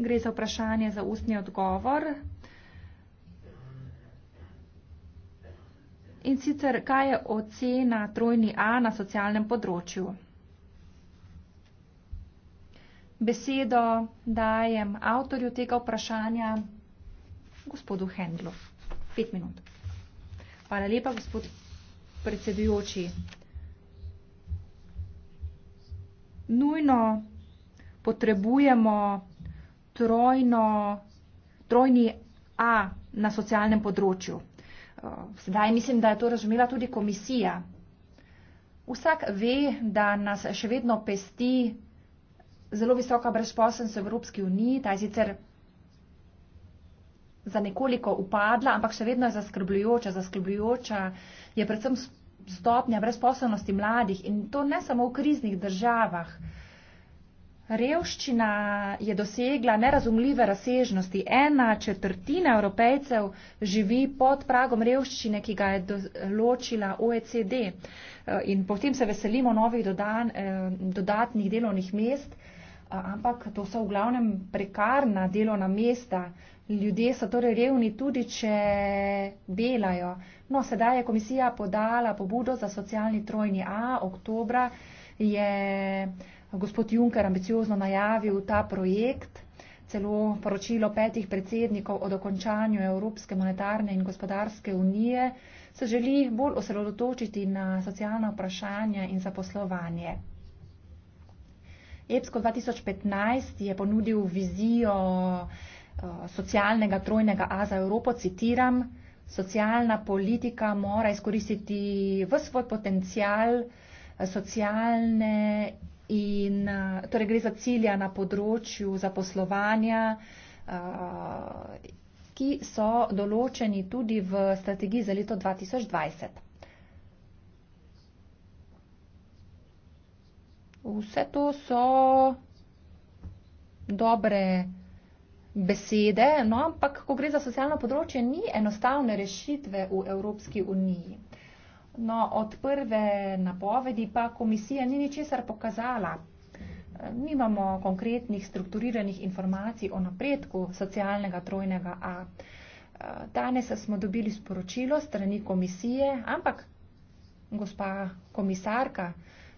Gre za vprašanje za ustni odgovor. In sicer, kaj je ocena trojni A na socialnem področju? Besedo dajem avtorju tega vprašanja, gospodu Hendlu. Pet minut. Hvala lepa, gospod predsedujoči. Nujno potrebujemo trojno, trojni A na socialnem področju. Eh, sedaj mislim, da je to razumela tudi komisija. Vsak ve, da nas še vedno pesti zelo visoka brezposelnost v Evropski uniji. Ta je sicer za nekoliko upadla, ampak še vedno je zaskrbljujoča. Zaskrbljujoča je predvsem stopnja brezposelnosti mladih in to ne samo v kriznih državah. Uh, Revščina je dosegla nerazumljive razsežnosti. Ena četrtina evropejcev živi pod pragom revščine, ki ga je določila OECD. Eh, in potem se veselimo novih dodan, eh, dodatnih delovnih mest, ampak to so v glavnem prekarna delovna mesta. Ljudje so torej revni tudi, če delajo. No, sedaj je komisija podala pobudo za socialni trojni A. Oktobra je gospod Juncker ambiciozno najavil ta projekt, celo poročilo petih predsednikov o dokončanju Evropske monetarne in gospodarske unije, se želi bolj osredotočiti na socialna vprašanja in zaposlovanje. EPSCO 2015 je ponudil vizijo eh, socialnega trojnega A za Evropo, citiram, socialna politika mora izkoristiti v svoj potencial eh, socialne in eh, torej gre za cilja na področju zaposlovanja, eh, ki so določeni tudi v strategiji za leto 2020. Vse to so dobre besede, no ampak ko gre za socialno področje, ni enostavne rešitve v Evropski uniji. No, od prve napovedi pa komisija ni ničesar pokazala. Nimamo konkretnih strukturiranih informacij o napredku socialnega trojnega A. Danes smo dobili sporočilo strani komisije, ampak gospa komisarka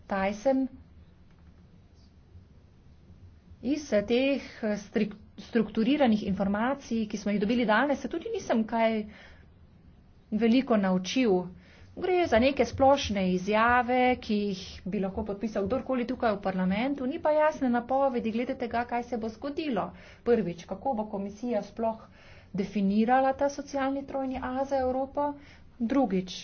Tyson iz teh strukturiranih informacij, ki smo jih dobili danes, se tudi nisem kaj veliko naučil. Gre za neke splošne izjave, ki jih bi lahko podpisal kdorkoli tukaj v parlamentu, ni pa jasne napovedi glede tega, kaj se bo zgodilo. Prvič, kako bo komisija sploh definirala ta socialni trojni A za Evropo. Drugič,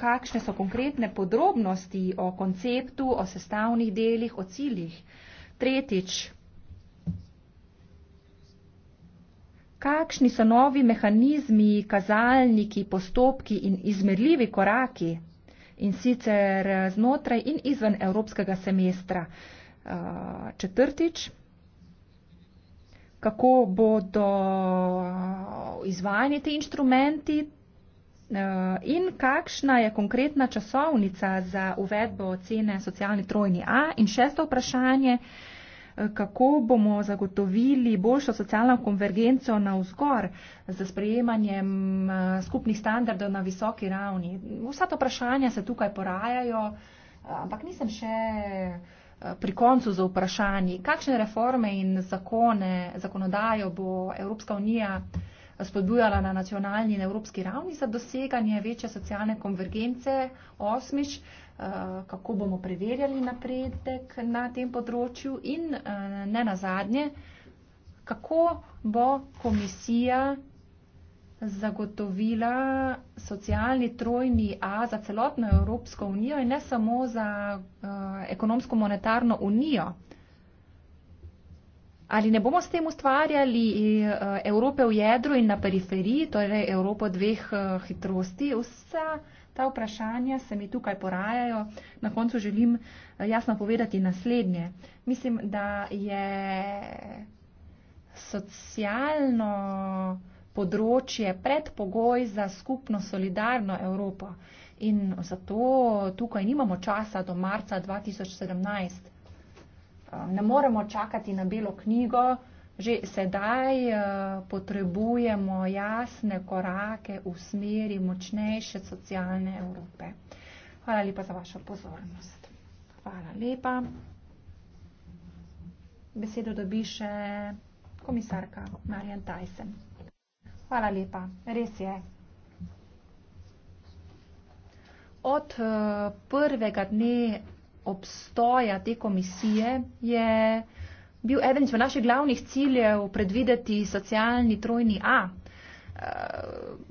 kakšne so konkretne podrobnosti o konceptu, o sestavnih delih, o ciljih. Tretjič, kakšni so novi mehanizmi, kazalniki, postopki in izmerljivi koraki in sicer znotraj in izven evropskega semestra. Četrtič, kako bodo izvajanje te inštrumenti in kakšna je konkretna časovnica za uvedbo ocene socialni trojni A in šesto vprašanje, kako bomo zagotovili boljšo socialno konvergenco na vzgor z sprejemanjem eh, skupnih standardov na visoki ravni. Vsa ta vprašanja se tukaj porajajo, eh, ampak nisem še eh, pri koncu z vprašanji, kakšne reforme in zakone, zakonodajo bo Evropska unija spodbujala na nacionalni in evropski ravni za doseganje večje socialne konvergence osmič, Eh, kako bomo preverjali napredek na tem področju in eh, ne nazadnje, kako bo komisija zagotovila socialni trojni A za celotno Evropsko unijo in ne samo za eh, ekonomsko-monetarno unijo. Ali ne bomo s tem ustvarjali eh, Evrope v jedru in na periferiji, torej Evropo dveh eh, hitrosti? Vsa ta vprašanja se mi tukaj porajajo. Na koncu želim eh, jasno povedati naslednje. Mislim, da je socialno področje predpogoj za skupno solidarno Evropo. In zato tukaj nimamo časa do marca 2017. Um, ne moremo čakati na belo knjigo, že sedaj uh, potrebujemo jasne korake v smeri močnejše socialne Evrope. Hvala lepa za vašo pozornost. Hvala lepa. Besedo dobi še komisarka Marjan Tajsen. Hvala lepa, res je. Od uh, prvega dne obstoja te komisije je bil eden izmed naših glavnih ciljev predvideti socialni trojni A. Eh,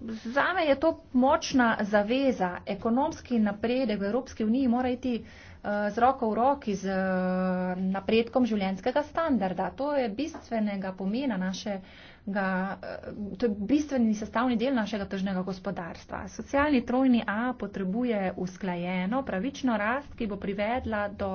zame je to močna zaveza. Ekonomski napredek v Evropski uniji mora iti eh, z roko v roki z eh, napredkom življenjskega standarda. To je bistvenega pomena naše ga, eh, to je bistveni sestavni del našega tržnega gospodarstva. Socialni trojni A potrebuje usklajeno, pravično rast, ki bo privedla do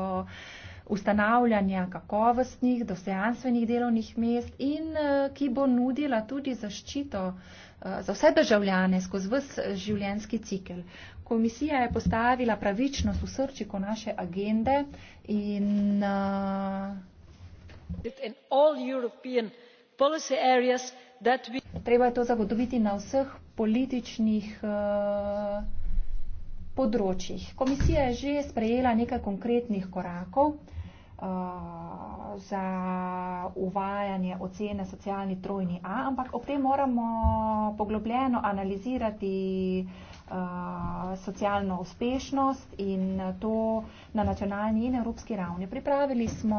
ustanavljanja kakovostnih, dostojanstvenih delovnih mest in eh, ki bo nudila tudi zaščito eh, za vse državljane skozi vse življenjski cikel. Komisija je postavila pravičnost v srčiko naše agende in. Uh, treba je to zagotoviti na vseh političnih eh, področjih. Komisija je že sprejela nekaj konkretnih korakov eh, za uvajanje ocene socialni trojni A, ampak ob tem moramo poglobljeno analizirati Eh, socialno uspešnost in to na nacionalni in evropski ravni. Pripravili smo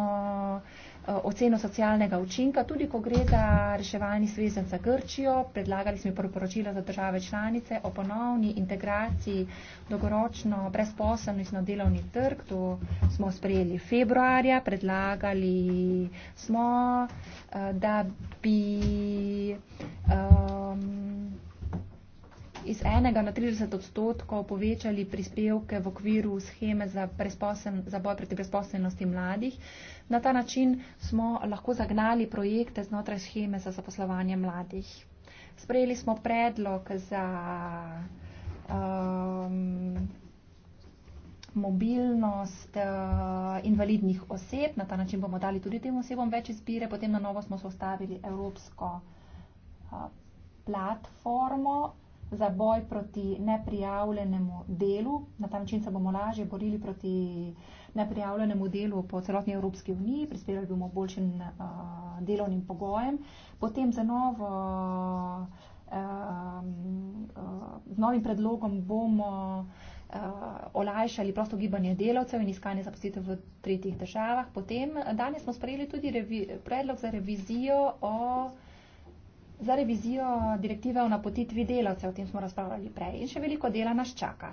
eh, oceno socialnega učinka, tudi ko gre za reševalni svezen za Grčijo, predlagali smo priporočila za države članice o ponovni integraciji dolgoročno brezposelnost na delovni trg, to smo sprejeli februarja, predlagali smo, eh, da bi um, iz enega na 30 odstotkov povečali prispevke v okviru scheme za, za boj proti brezposelnosti mladih. Na ta način smo lahko zagnali projekte znotraj scheme za zaposlovanje mladih. Sprejeli smo predlog za um, mobilnost uh, invalidnih oseb. Na ta način bomo dali tudi tem osebom več izbire. Potem na novo smo se ustavili Evropsko uh, platformo za boj proti neprijavljenemu delu. Na ta način se bomo lažje borili proti neprijavljenemu delu po celotni Evropski uniji, prispevali bomo boljšim uh, delovnim pogojem. Potem za novo. Uh, Z novim predlogom bomo olajšali prosto gibanje delavcev in iskanje zaposlitev v tretjih državah. Potem danes smo sprejeli tudi revi, predlog za revizijo o Za revizijo direktive o napotitvi delavcev, o tem smo razpravljali prej in še veliko dela nas čaka.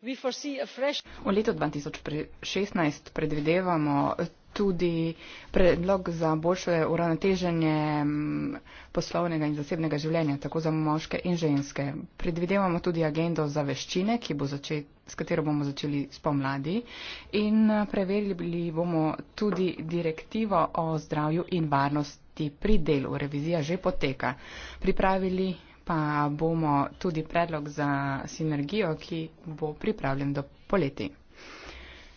V letu 2016 predvidevamo tudi predlog za boljše uravnoteženje mm, poslovnega in zasebnega življenja, tako za moške in ženske. Predvidevamo tudi agendo za veščine, bo začet, s katero bomo začeli spomladi in preverili bomo tudi direktivo o zdravju in varnosti biti pri delu, revizija že poteka. Pripravili pa bomo tudi predlog za sinergijo, ki bo pripravljen do poleti.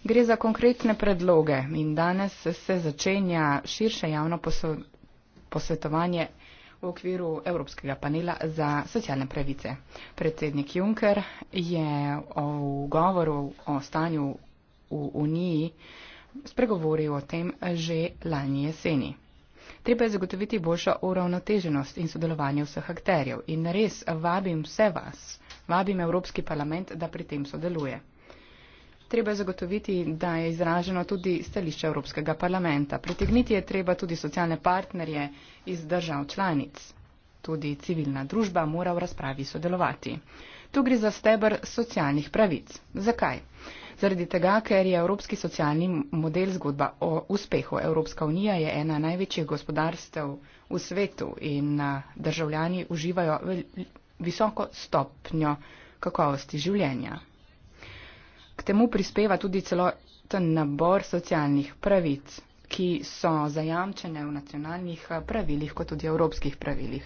Gre za konkretne predloge in danes se začenja širše javno posvetovanje v okviru Evropskega panela za socialne pravice. Predsednik Juncker je v govoru o stanju v Uniji spregovoril o tem že lani jeseni. Treba je zagotoviti boljšo uravnoteženost in sodelovanje vseh akterjev. In res vabim vse vas, vabim Evropski parlament, da pri tem sodeluje. Treba je zagotoviti, da je izraženo tudi stališče Evropskega parlamenta. Pritegniti je treba tudi socialne partnerje iz držav članic. Tudi civilna družba mora v razpravi sodelovati. Tu gre za stebr socialnih pravic. Zakaj? zaradi tega, ker je evropski socialni model zgodba o uspehu. Evropska unija je ena največjih gospodarstev v svetu in državljani uživajo visoko stopnjo kakovosti življenja. K temu prispeva tudi celoten nabor socialnih pravic, ki so zajamčene v nacionalnih pravilih, kot tudi evropskih pravilih.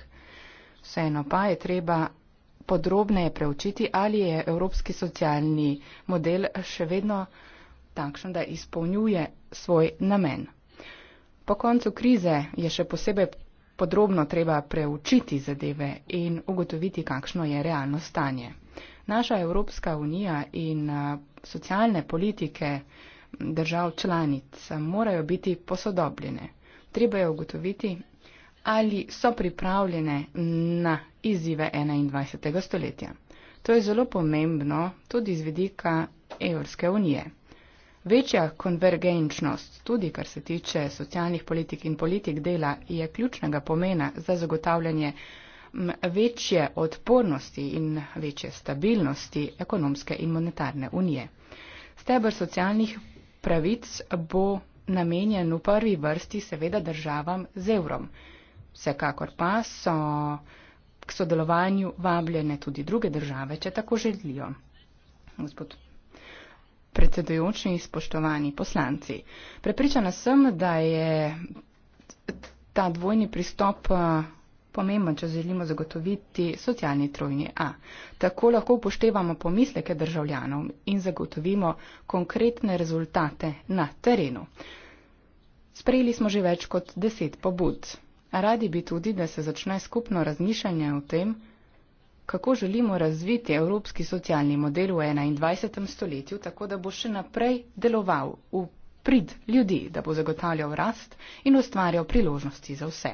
Vseeno pa je treba podrobneje preučiti, ali je evropski socialni model še vedno takšen, da izpolnjuje svoj namen. Po koncu krize je še posebej podrobno treba preučiti zadeve in ugotoviti, kakšno je realno stanje. Naša Evropska unija in eh, socialne politike držav članic morajo biti posodobljene. Treba je ugotoviti, ali so pripravljene na izzive 21. stoletja. To je zelo pomembno tudi z vidika Evropske unije. Večja konvergenčnost, tudi kar se tiče socialnih politik in politik dela, je ključnega pomena za zagotavljanje večje odpornosti in večje stabilnosti ekonomske in monetarne unije. Steber socialnih pravic bo namenjen v prvi vrsti seveda državam z evrom. Vsekakor pa so k sodelovanju vabljene tudi druge države, če tako želijo. Gospod predsedujoči, spoštovani poslanci, prepričana sem, da je ta dvojni pristop eh, pomemben, če želimo zagotoviti socialni trojni A. Tako lahko upoštevamo pomisleke državljanov in zagotovimo konkretne rezultate na terenu. Sprejeli smo že več kot deset pobud. Radi bi tudi, da se začne skupno razmišljanje o tem, kako želimo razviti evropski socialni model v 21. stoletju, tako da bo še naprej deloval v prid ljudi, da bo zagotavljal rast in ustvarjal priložnosti za vse.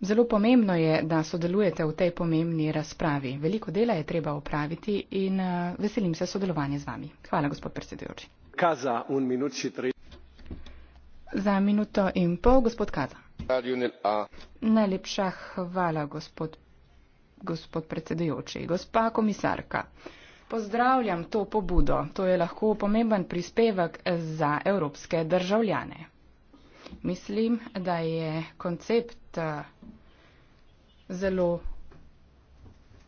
Zelo pomembno je, da sodelujete v tej pomembni razpravi. Veliko dela je treba opraviti in eh, veselim se sodelovanje z vami. Hvala, gospod predsedujoči. Za minuto in pol, gospod Kaza. Najlepša hvala, gospod, gospod predsedujoči. Gospa komisarka, pozdravljam to pobudo. To je lahko pomemben prispevek za evropske državljane. Mislim, da je koncept eh, zelo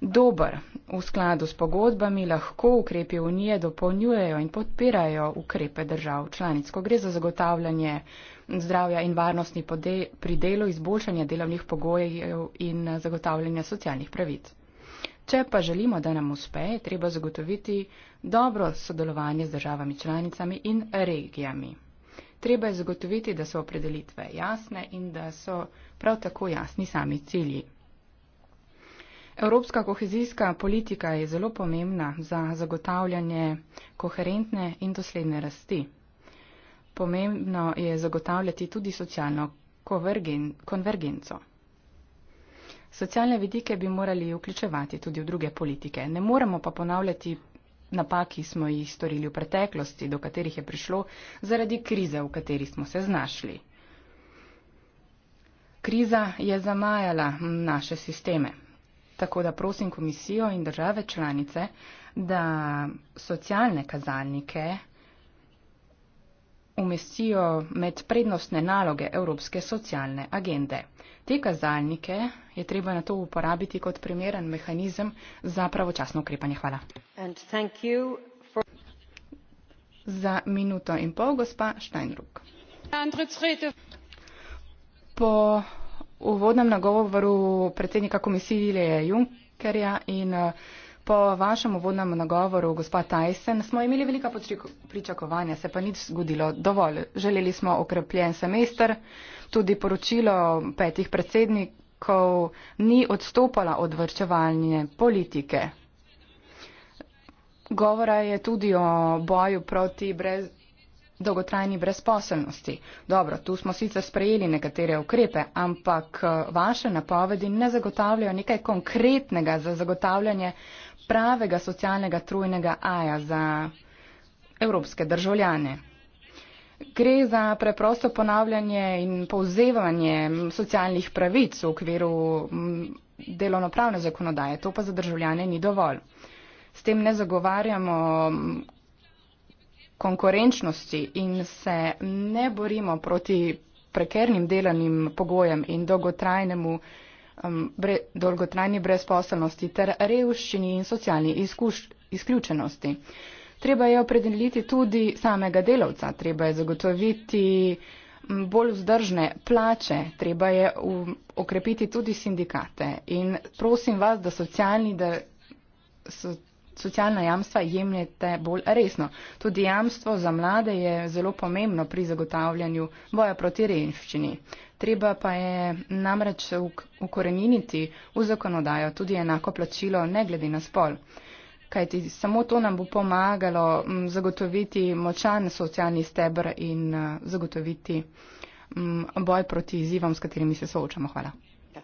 dober. V skladu s pogodbami lahko ukrepi unije dopolnjujejo in podpirajo ukrepe držav članic, ko gre za zagotavljanje zdravja in varnosti pri delu, izboljšanje delovnih pogojev in zagotavljanje socialnih pravic. Če pa želimo, da nam uspe, je treba zagotoviti dobro sodelovanje z državami članicami in regijami. Treba je zagotoviti, da so opredelitve jasne in da so prav tako jasni sami cilji. Evropska kohezijska politika je zelo pomembna za zagotavljanje koherentne in dosledne rasti. Pomembno je zagotavljati tudi socialno konvergenco. Socialne vidike bi morali vključevati tudi v druge politike. Ne moremo pa ponavljati napak, ki smo jih storili v preteklosti, do katerih je prišlo zaradi krize, v kateri smo se znašli. Kriza je zamajala naše sisteme. Tako da prosim komisijo in države članice, da socialne kazalnike umestijo med prednostne naloge Evropske socialne agende. Te kazalnike je treba na to uporabiti kot primeren mehanizem za pravočasno ukrepanje. Hvala. For... Za minuto in pol, gospa Steinruck. Po uvodnem nagovoru predsednika komisije Junckerja in eh, po vašem uvodnem nagovoru, gospa Tyson, smo imeli velika pričakovanja, se pa nič zgodilo dovolj. Želeli smo okrepljen semester, tudi poročilo petih predsednikov ni odstopala od vrčevalne politike. Govora je tudi o boju proti brez dolgotrajni brezposelnosti. Dobro, tu smo sicer sprejeli nekatere ukrepe, ampak eh, vaše napovedi ne zagotavljajo nekaj konkretnega za zagotavljanje pravega socialnega trujnega aja za evropske državljane. Gre za preprosto ponavljanje in povzevanje socialnih pravic v okviru delovnopravne zakonodaje. To pa za državljane ni dovolj. S tem ne zagovarjamo konkurenčnosti in se ne borimo proti prekernim delanim pogojem in dolgotrajnemu, um, bre, dolgotrajni brezposelnosti ter revščini in socialni izkuš, izključenosti. Treba je opredeliti tudi samega delavca, treba je zagotoviti um, bolj vzdržne plače, treba je v, um, okrepiti tudi sindikate. In prosim vas, da socialni, da so, socialna jamstva jemljete bolj resno. Tudi jamstvo za mlade je zelo pomembno pri zagotavljanju boja proti revščini. Treba pa je namreč ukoreniniti v zakonodajo tudi enako plačilo, ne glede na spol. Kajti samo to nam bo pomagalo zagotoviti močan socialni stebr in eh, zagotoviti boj proti izzivom, s katerimi se soočamo. Hvala. Ja.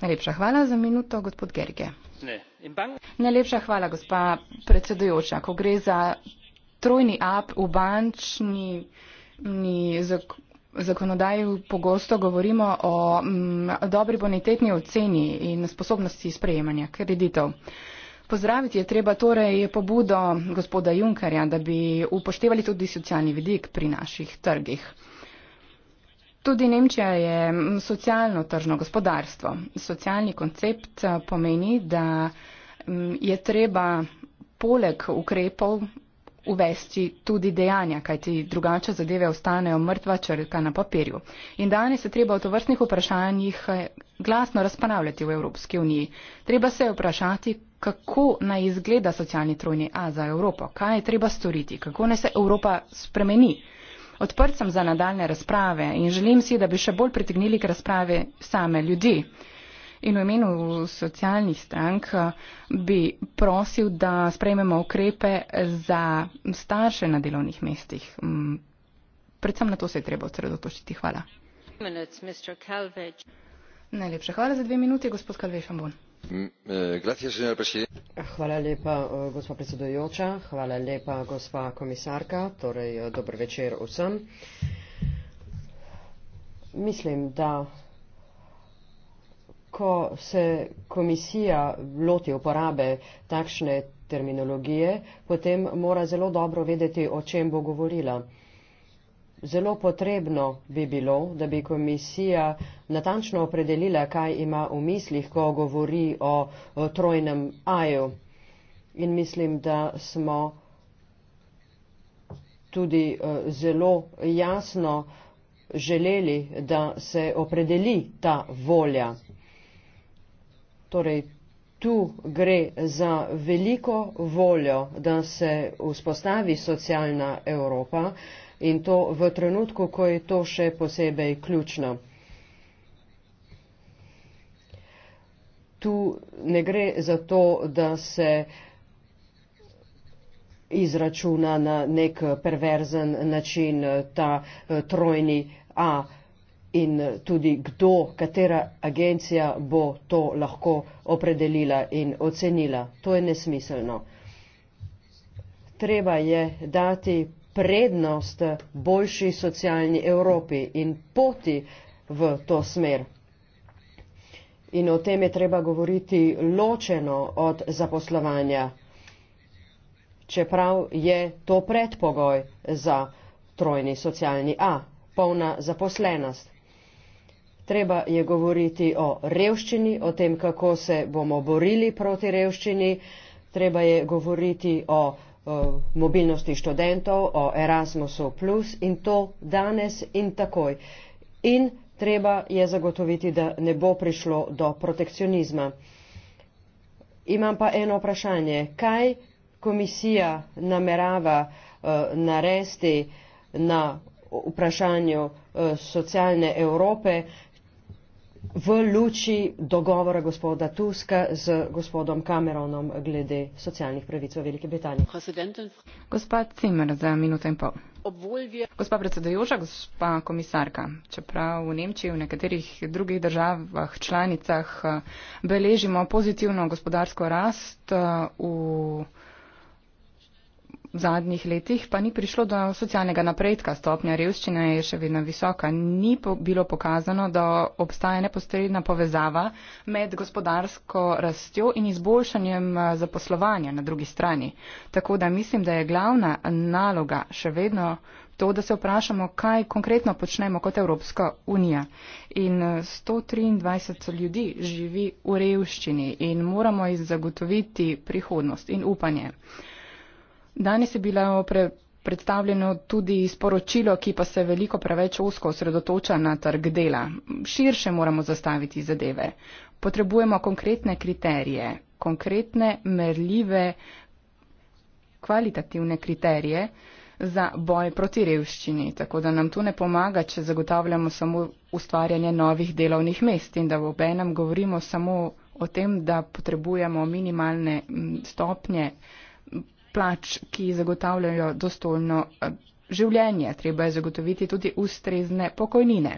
Najlepša hvala za minuto, gospod Gerge. Najlepša hvala, gospa predsedujoča. Ko gre za trojni ap v bančni ni zak zakonodaji, pogosto govorimo o m, mm, dobri bonitetni oceni in sposobnosti sprejemanja kreditov. Pozdraviti je treba torej pobudo gospoda Junkarja, da bi upoštevali tudi socialni vidik pri naših trgih. Tudi Nemčija je socialno tržno gospodarstvo. Socialni koncept pomeni, da je treba poleg ukrepov uvesti tudi dejanja, kajti drugače zadeve ostanejo mrtva črka na papirju. In danes se treba o tovrstnih vprašanjih e, glasno razpravljati v Evropski uniji. Treba se vprašati, kako naj izgleda socialni trojni A za Evropo, kaj je treba storiti, kako naj se Evropa spremeni. Odprt sem za nadaljne razprave in želim si, da bi še bolj pritegnili k razprave same ljudi. In v imenu socialnih strank eh, bi prosil, da sprejmemo ukrepe za starše na delovnih mestih. Mm, predvsem na to se je treba osredotočiti. Hvala. Najlepša hvala za dve minuti, gospod Kalvešambon hvala lepa eh, gospa predsedujoča hvala lepa gospa komisarka torej eh, dober večer vsem mislim da ko se komisija loti uporabe takšne terminologije potem mora zelo dobro vedeti o čem bo govorila Zelo potrebno bi bilo, da bi komisija natančno opredelila, kaj ima v mislih, ko govori o, o trojnem aju. In mislim, da smo tudi uh, zelo jasno želeli, da se opredeli ta volja. Torej, tu gre za veliko voljo, da se vzpostavi socialna Evropa, uh, in to v trenutku, ko je to še posebej ključno. Tu ne gre za to, da se izračuna na nek perverzen način ta eh, trojni A in tudi kdo, katera agencija bo to lahko opredelila in ocenila. To je nesmiselno. Treba je dati prednost boljši socialni Evropi in poti v to smer. In o tem je treba govoriti ločeno od zaposlovanja, čeprav je to predpogoj za trojni socialni A, polna zaposlenost. Treba je govoriti o revščini, o tem, kako se bomo borili proti revščini, treba je govoriti o mobilnosti študentov, o Erasmusu plus in to danes in takoj. In treba je zagotoviti, da ne bo prišlo do protekcionizma. Imam pa eno vprašanje. Kaj komisija namerava eh, naresti na vprašanju eh, socialne Evrope, v luči dogovora gospoda Tuska z gospodom Cameronom glede socialnih pravic v Veliki Britaniji. Gospa Cimer, za minuto in pol. Gospa predsedujoča, gospa komisarka, čeprav v Nemčiji, v nekaterih drugih državah, članicah eh, beležimo pozitivno gospodarsko rast eh, v v zadnjih letih pa ni prišlo do socialnega napredka. Stopnja revščine je še vedno visoka. Ni po, bilo pokazano, da obstaja neposredna povezava med gospodarsko rastjo in izboljšanjem eh, zaposlovanja na drugi strani. Tako da mislim, da je glavna naloga še vedno to, da se vprašamo, kaj konkretno počnemo kot Evropska unija. In 123 eh, ljudi živi v revščini in moramo jih zagotoviti prihodnost in upanje. Danes je bilo pre, predstavljeno tudi sporočilo, ki pa se veliko preveč osko osredotoča na trg dela. Širše moramo zastaviti zadeve. Potrebujemo konkretne kriterije, konkretne merljive, kvalitativne kriterije za boj proti revščini. Tako da nam tu ne pomaga, če zagotavljamo samo ustvarjanje novih delovnih mest in da v obenem govorimo samo o tem, da potrebujemo minimalne stopnje plač, ki zagotavljajo dostojno eh, življenje. Treba je zagotoviti tudi ustrezne pokojnine.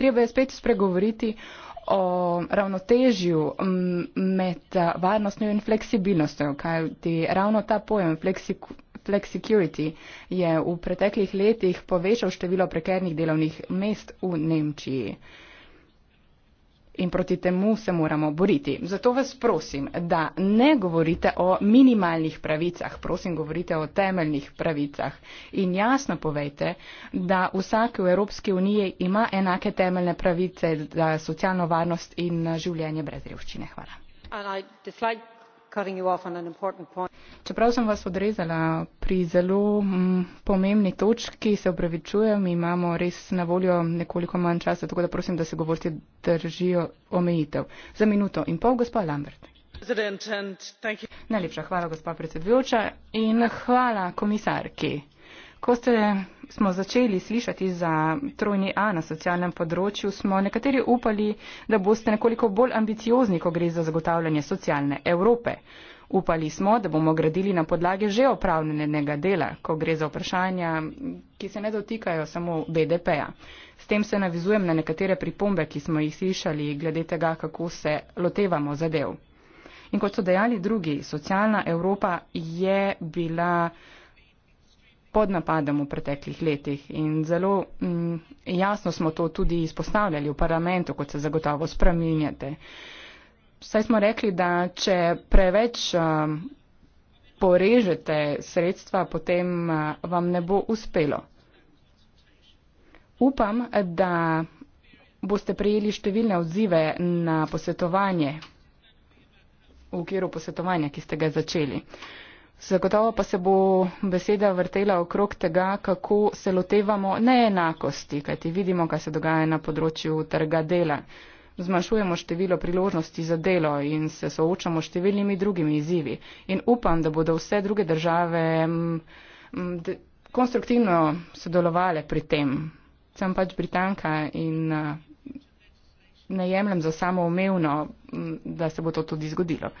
Treba je spet spregovoriti o ravnotežju med eh, varnostjo in fleksibilnostjo, kaj ti ravno ta pojem flexicurity je v preteklih letih povečal število prekernih delovnih mest v Nemčiji in proti temu se moramo boriti. Zato vas prosim, da ne govorite o minimalnih pravicah, prosim, govorite o temeljnih pravicah in jasno povejte, da vsak v Evropski uniji ima enake temeljne pravice za socialno varnost in življenje brez revščine. Hvala čeprav sem vas odrezala pri zelo m, mm, pomembni točki, se upravičujem, imamo res na voljo nekoliko manj časa, tako da prosim, da se govorci držijo omejitev. Za minuto in pol, gospod Lambert. Najlepša hvala, gospod predsedujoča, in hvala komisarki. Ko ste, smo začeli slišati za trojni A na socialnem področju, smo nekateri upali, da boste nekoliko bolj ambiciozni, ko gre za zagotavljanje socialne Evrope. Upali smo, da bomo gradili na podlage že opravljenega dela, ko gre za vprašanja, ki se ne dotikajo samo BDP-a. S tem se navizujem na nekatere pripombe, ki smo jih slišali glede tega, kako se lotevamo zadev. In kot so dejali drugi, socialna Evropa je bila pod napadom v preteklih letih in zelo mm, jasno smo to tudi izpostavljali v parlamentu, kot se zagotovo spreminjate. Saj smo rekli, da če preveč um, porežete sredstva, potem uh, vam ne bo uspelo. Upam, da boste prijeli številne odzive na posvetovanje, v okviru posvetovanja, ki ste ga začeli. Uh, Zagotovo pa se bo beseda vrtela okrog tega, kako se lotevamo neenakosti, kajti vidimo, kaj se dogaja na področju trga dela. Zmanjšujemo število priložnosti za delo in se soočamo številnimi drugimi izzivi. In upam, da bodo vse druge države mm, mm, konstruktivno sodelovali pri tem. Sem pač Britanka in ne jemljem za samoumevno, mm, da se bo to tudi zgodilo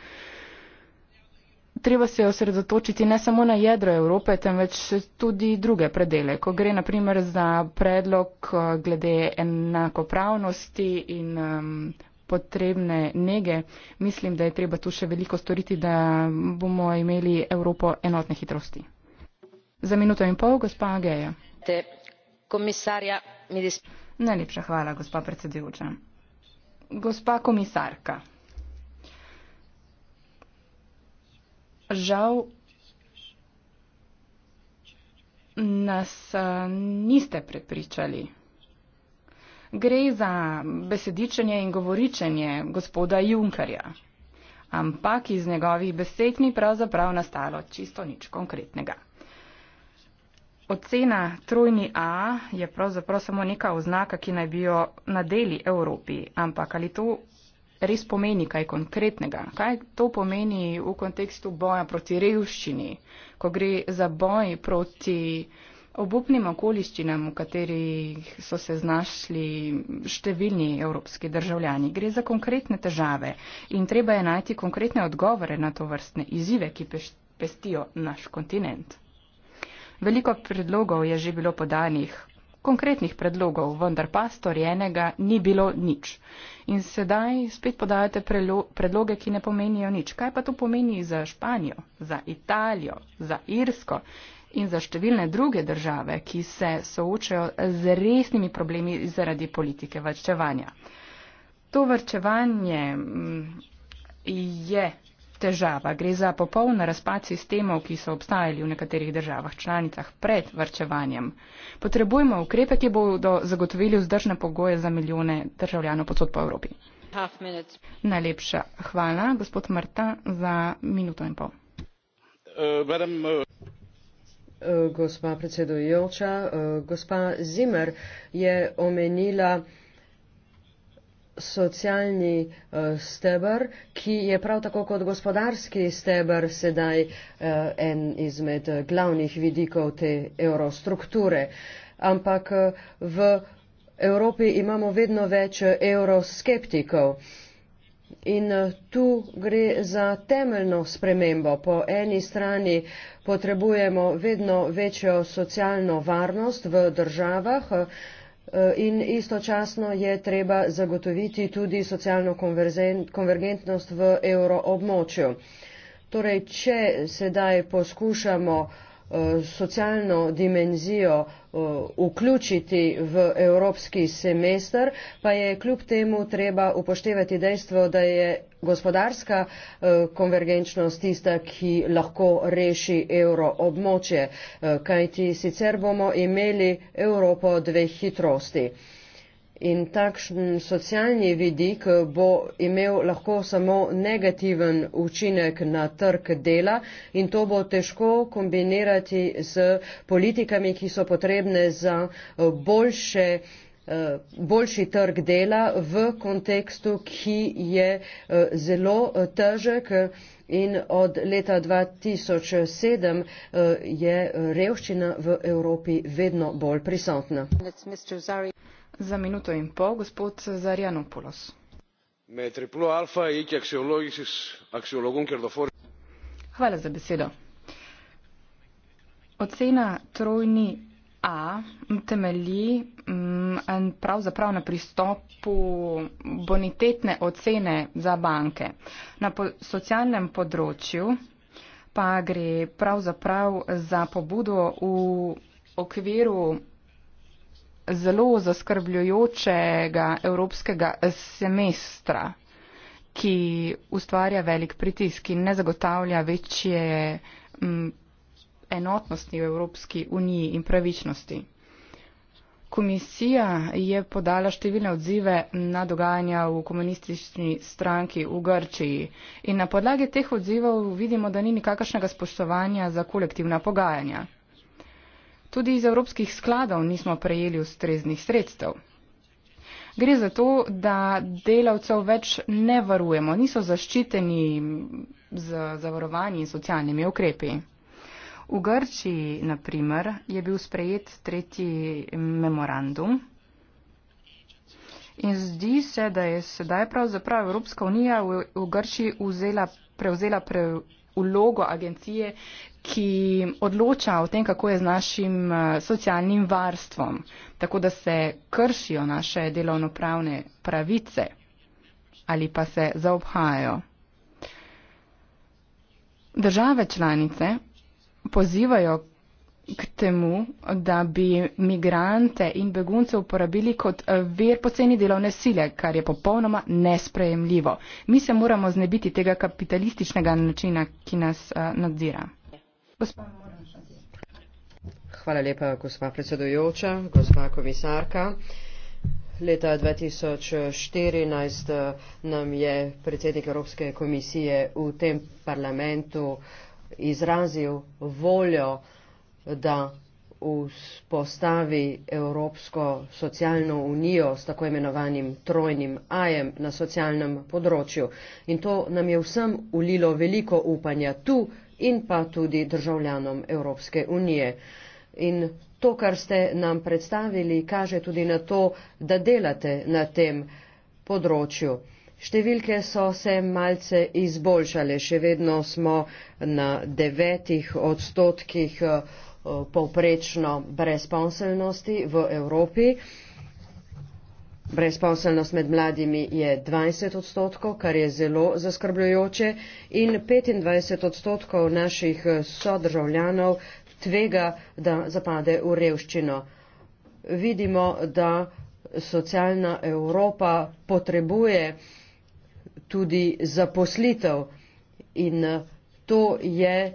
treba se osredotočiti ne samo na jedro Evrope, temveč tudi druge predele. Ko gre naprimer za predlog eh, glede enakopravnosti in um, potrebne nege, mislim, da je treba tu še veliko storiti, da bomo imeli Evropo enotne hitrosti. Za minuto in pol, gospa Ageja. Najlepša hvala, gospa predsedujoča. Gospa komisarka. žal nas eh, niste prepričali. Gre za besedičenje in govoričenje gospoda Junkarja, ampak iz njegovih besed ni pravzaprav nastalo čisto nič konkretnega. Ocena trojni A je pravzaprav samo neka oznaka, ki naj bi jo nadeli Evropi, ampak ali to res pomeni kaj konkretnega. Kaj to pomeni v kontekstu boja proti revščini, ko gre za boj proti obupnim okoliščinam, v katerih so se znašli številni evropski državljani. Gre za konkretne težave in treba je najti konkretne odgovore na to vrstne izzive, ki pestijo naš kontinent. Veliko predlogov je že bilo podanih, konkretnih predlogov, vendar pa storjenega ni bilo nič. In sedaj spet podajate predloge, ki ne pomenijo nič. Kaj pa to pomeni za Španijo, za Italijo, za Irsko in za številne druge države, ki se soočajo z resnimi problemi zaradi politike vrčevanja? To vrčevanje mm, je težava. Gre za popoln razpad sistemov, ki so obstajali v nekaterih državah članicah pred vrčevanjem. Potrebujemo ukrepe, ki bodo zagotovili vzdržne pogoje za milijone državljanov posod po Evropi. Najlepša hvala, gospod Marta, za minuto in pol. Uh, madam, uh... Gospa predsedujoča, gospa Zimmer je omenila socialni uh, eh, stebr, ki je prav tako kot gospodarski stebr sedaj uh, en izmed uh, glavnih vidikov te eurostrukture. Ampak uh, v Evropi imamo vedno več euroskeptikov. In tu gre za temeljno spremembo. Po eni strani potrebujemo vedno večjo socialno varnost v državah, Eh, in istočasno je treba zagotoviti tudi socialno konvergentnost v evroobmočju. Torej, če sedaj poskušamo eh, socialno dimenzijo eh, vključiti v evropski semester, pa je kljub temu treba upoštevati dejstvo, da je gospodarska eh, konvergenčnost tista, ki lahko reši evro območje, eh, kajti sicer bomo imeli Evropo dveh hitrosti. In takšen socialni vidik bo imel lahko samo negativen učinek na trg dela in to bo težko kombinirati z politikami, ki so potrebne za eh, boljše uh, Eh, boljši trg dela v kontekstu, ki je eh, zelo eh, težek. In od leta 2007 je revščina v Evropi vedno bolj prisotna. Za minuto in pol, gospod Zarjanopoulos. Hvala za besedo. Ocena trojni A temelji m, mm, pravzaprav na pristopu bonitetne ocene za banke. Na po, socialnem področju pa gre pravzaprav za pobudo v okviru zelo zaskrbljujočega evropskega semestra, ki ustvarja velik pritisk in ne zagotavlja večje. M, mm, enotnosti v Evropski uniji in pravičnosti. Komisija je podala številne odzive na dogajanja v komunistični stranki v Grčiji in na podlagi teh odzivov vidimo, da ni nikakršnega spoštovanja za kolektivna pogajanja. Tudi iz evropskih skladov nismo prejeli ustreznih sredstev. Gre za to, da delavcev več ne varujemo, niso zaščiteni z zavarovanji in socialnimi ukrepi. V Grčiji, na primer, je bil sprejet tretji memorandum in zdi se, da je sedaj pravzaprav Evropska unija v, v Grčiji vzela, prevzela pre, ulogo agencije, ki odloča o tem, kako je z našim eh, socialnim varstvom, tako da se kršijo naše delovnopravne pravice ali pa se zaobhajajo. Države članice pozivajo k temu, da bi migrante in begunce uporabili kot eh, ver poceni delovne sile, kar je popolnoma nesprejemljivo. Mi se moramo znebiti tega kapitalističnega načina, ki nas eh, nadzira. Hvala lepa, gospa predsedujoča, gospa komisarka. Leta 2014 eh, nam je predsednik Evropske komisije v tem parlamentu uh, izrazil voljo, da vzpostavi Evropsko socialno unijo s tako imenovanim trojnim ajem na socialnem področju. In to nam je vsem ulilo veliko upanja tu in pa tudi državljanom Evropske unije. In to, kar ste nam predstavili, kaže tudi na to, da delate na tem področju. Številke so se malce izboljšale, še vedno smo na devetih odstotkih eh, povprečno brezposelnosti v Evropi. Brezposelnost med mladimi je 20 odstotkov, kar je zelo zaskrbljujoče in 25 odstotkov naših eh, sodržavljanov tvega, da zapade v revščino. Vidimo, da socialna Evropa potrebuje tudi zaposlitev. In eh, to je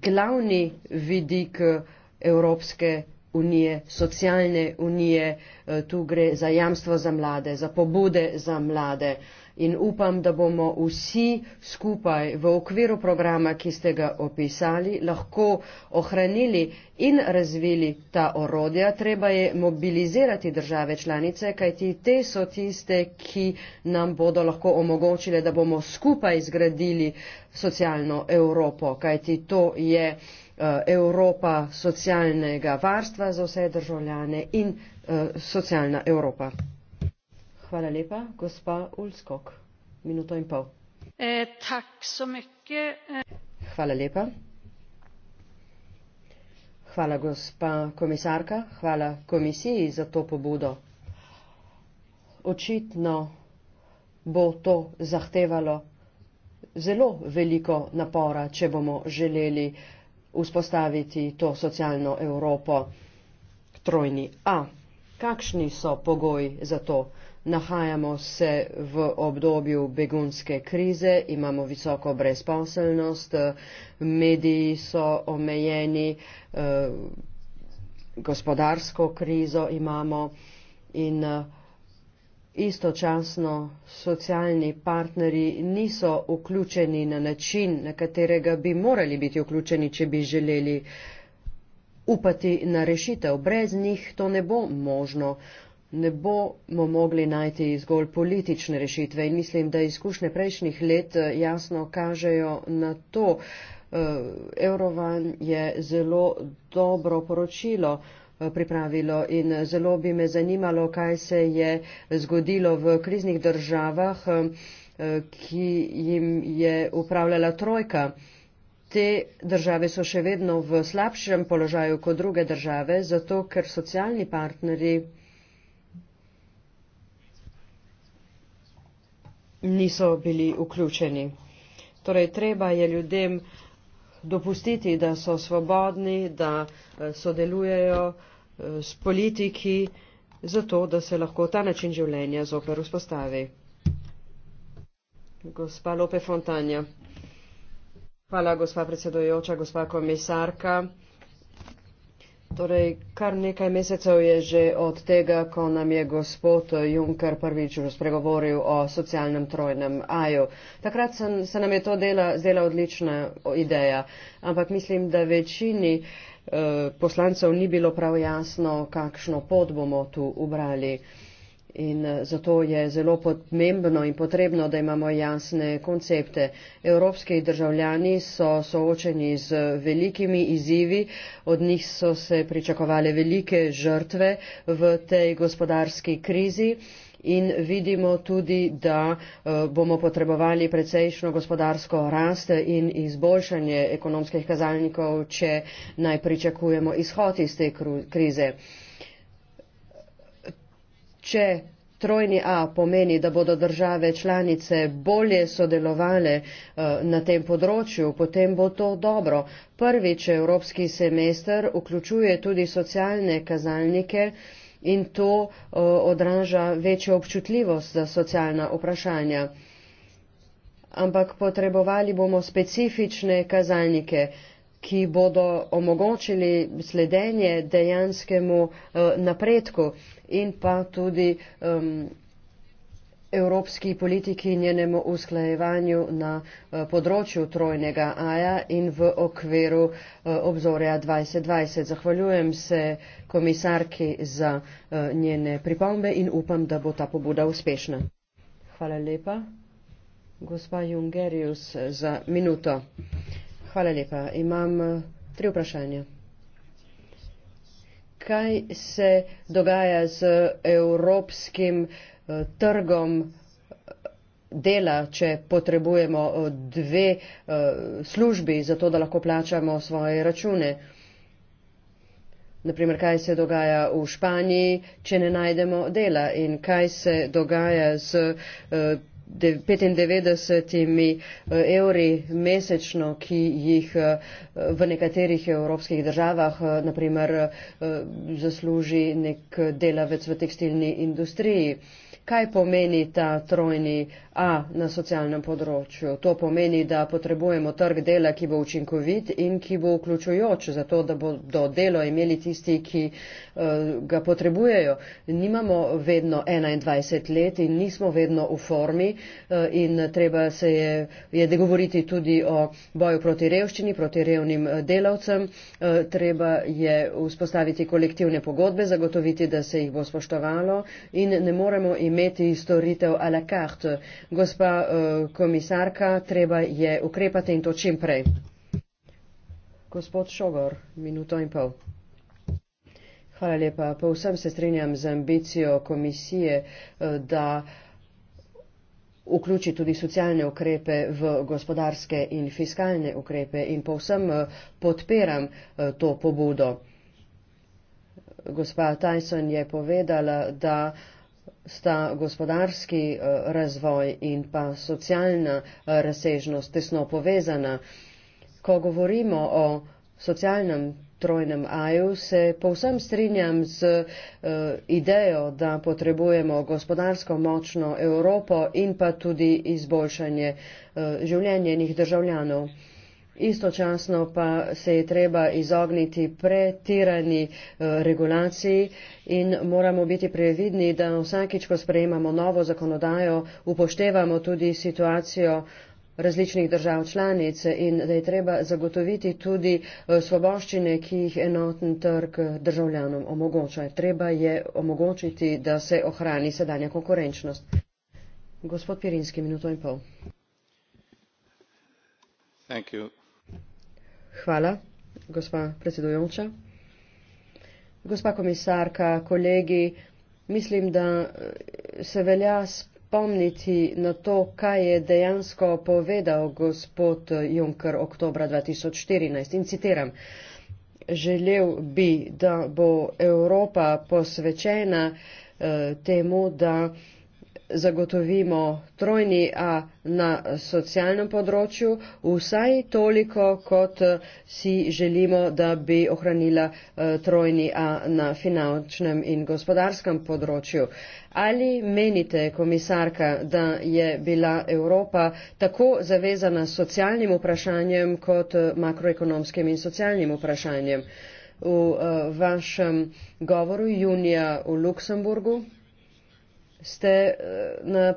glavni vidik eh, Evropske unije, socialne unije. Eh, tu gre za jamstvo za mlade, za pobude za mlade in upam, da bomo vsi skupaj v okviru programa, ki ste ga opisali, lahko ohranili in razvili ta orodja. Treba je mobilizirati države članice, kajti te so tiste, ki nam bodo lahko omogočile, da bomo skupaj zgradili socialno Evropo, kajti to je eh, Evropa socialnega varstva za vse državljane in eh, socialna Evropa. Hvala lepa. Gospa Ulskog, minuto in pol. E, e. Hvala lepa. Hvala, gospa komisarka, hvala komisiji za to pobudo. Očitno bo to zahtevalo zelo veliko napora, če bomo želeli vzpostaviti to socialno Evropo trojni A. Kakšni so pogoji za to? Nahajamo se v obdobju begunske krize, imamo visoko brezposelnost, mediji so omejeni, eh, gospodarsko krizo imamo in eh, istočasno socialni partnerji niso vključeni na način, na katerega bi morali biti vključeni, če bi želeli upati na rešitev. Brez njih to ne bo možno ne bomo mogli najti zgolj politične rešitve. In mislim, da izkušnje prejšnjih let eh, jasno kažejo na to. Eh, Eurovan je zelo dobro poročilo eh, pripravilo in zelo bi me zanimalo, kaj se je zgodilo v kriznih državah, ki jim je upravljala trojka. Te države so še vedno v slabšem položaju kot druge države, zato ker socialni partnerji niso bili vključeni. Torej, treba je ljudem dopustiti, da so svobodni, da eh, sodelujejo eh, s politiki, zato da se lahko ta način življenja zoper vzpostavi. Gospa Lope Fontanja. Hvala, gospa predsedojoča, gospa komisarka. Torej, kar nekaj mesecev je že od tega, ko nam je gospod Juncker prvič spregovoril o socialnem trojnem aju. Takrat sem, se nam je to dela, zdela odlična ideja, ampak mislim, da večini eh, poslancev ni bilo prav jasno, kakšno pot bomo tu ubrali. Eh, In eh, zato je zelo pomembno in potrebno, da imamo jasne koncepte. Evropski državljani so soočeni z velikimi izzivi, od njih so se pričakovale velike žrtve v tej gospodarski krizi. In vidimo tudi, da eh, bomo potrebovali precejšno gospodarsko rast in izboljšanje ekonomskih kazalnikov, če naj pričakujemo izhod iz te krize. Če trojni A pomeni, da bodo države članice bolje sodelovale eh, na tem področju, potem bo to dobro. Prvič evropski semester vključuje tudi socialne kazalnike. In to eh, odraža večjo občutljivost za socialna vprašanja. Ampak potrebovali bomo specifične kazalnike, ki bodo omogočili sledenje dejanskemu eh, napredku in pa tudi um, evropski politiki njenemu usklajevanju na uh, področju trojnega aja in v okviru uh, obzorja 2020. Zahvaljujem se komisarki za uh, njene pripombe in upam, da bo ta pobuda uspešna. Hvala lepa. Gospa Jungerius za minuto. Hvala lepa. Imam uh, tri vprašanja kaj se dogaja z evropskim eh, trgom eh, dela, če potrebujemo eh, dve službi, zato da lahko plačamo svoje račune. Naprimer, kaj se dogaja v Španiji, če ne najdemo dela in kaj se dogaja z 95 eh, evri mesečno, ki jih eh, v nekaterih evropskih državah, eh, naprimer, zasluži nek delavec v tekstilni industriji kaj pomeni ta trojni A na socialnem področju. To pomeni, da potrebujemo trg dela, ki bo učinkovit in ki bo vključujoč, zato da bodo delo imeli tisti, ki uh, ga potrebujejo. Nimamo vedno 21 let in nismo vedno v formi uh, in treba se je, je dogovoriti tudi o boju proti revščini, proti revnim eh, delavcem. Uh, treba je vzpostaviti kolektivne pogodbe, zagotoviti, da se jih bo spoštovalo in ne moremo imeti imeti storitev a la carte. Gospa uh, komisarka, treba je ukrepati in to čim prej. Gospod Šogor, minuto in pol. Hvala lepa. Povsem se strinjam z ambicijo komisije, eh, da vključi tudi socialne ukrepe v gospodarske in fiskalne ukrepe in povsem eh, podpiram to pobudo. Gospa Tyson je povedala, da sta gospodarski eh, razvoj in pa socialna eh, razsežnost tesno povezana. Ko govorimo o socialnem trojnem aju, se povsem strinjam z eh, idejo, da potrebujemo gospodarsko močno Evropo in pa tudi izboljšanje življenjenih državljanov istočasno pa se je treba izogniti pretirani eh, regulaciji in moramo biti previdni, da vsakič, ko sprejemamo novo zakonodajo, upoštevamo tudi situacijo različnih držav članic in da je treba zagotoviti tudi eh, svoboščine, ki jih enoten trg državljanom omogoča. Treba je omogočiti, da se ohrani sedanja konkurenčnost. Gospod Pirinski, minuto in pol. Thank you. Hvala, gospa predsedujoča. Gospa komisarka, kolegi, mislim, da eh, se velja spomniti na to, kaj je dejansko povedal gospod eh, Juncker oktobra 2014. In citiram, želel bi, da bo Evropa posvečena eh, temu, da eh, zagotovimo trojni A na socialnem področju, vsaj toliko, kot si želimo, da bi ohranila eh, trojni A na finančnem in gospodarskem področju. Ali menite, komisarka, da je bila Evropa tako zavezana s socialnim vprašanjem kot eh, makroekonomskim in socialnim vprašanjem? V uh, vašem govoru junija v Luksemburgu ste eh, na,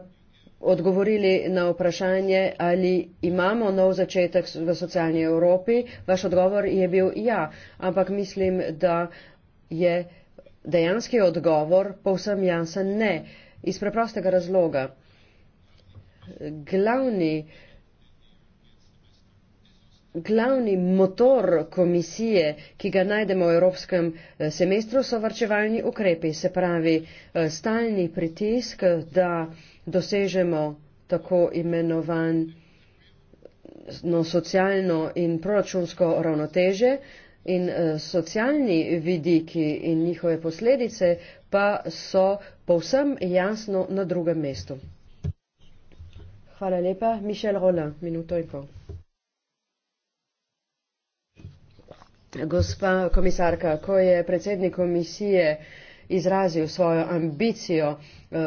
odgovorili na vprašanje, ali imamo nov začetek v socialni Evropi. Vaš odgovor je bil ja, ampak mislim, da je dejanski odgovor povsem jasen ne. Iz preprostega razloga. Glavni uh, glavni motor komisije, ki ga najdemo v evropskem eh, semestru, so varčevalni ukrepi, se pravi eh, stalni pritisk, da dosežemo tako imenovano no, socialno in proračunsko ravnoteže in eh, socialni vidiki in njihove posledice pa so povsem jasno na drugem mestu. Hvala lepa. Mišel Rola, minuto in pol. Gospa komisarka, ko je predsednik komisije izrazil svojo ambicijo uh,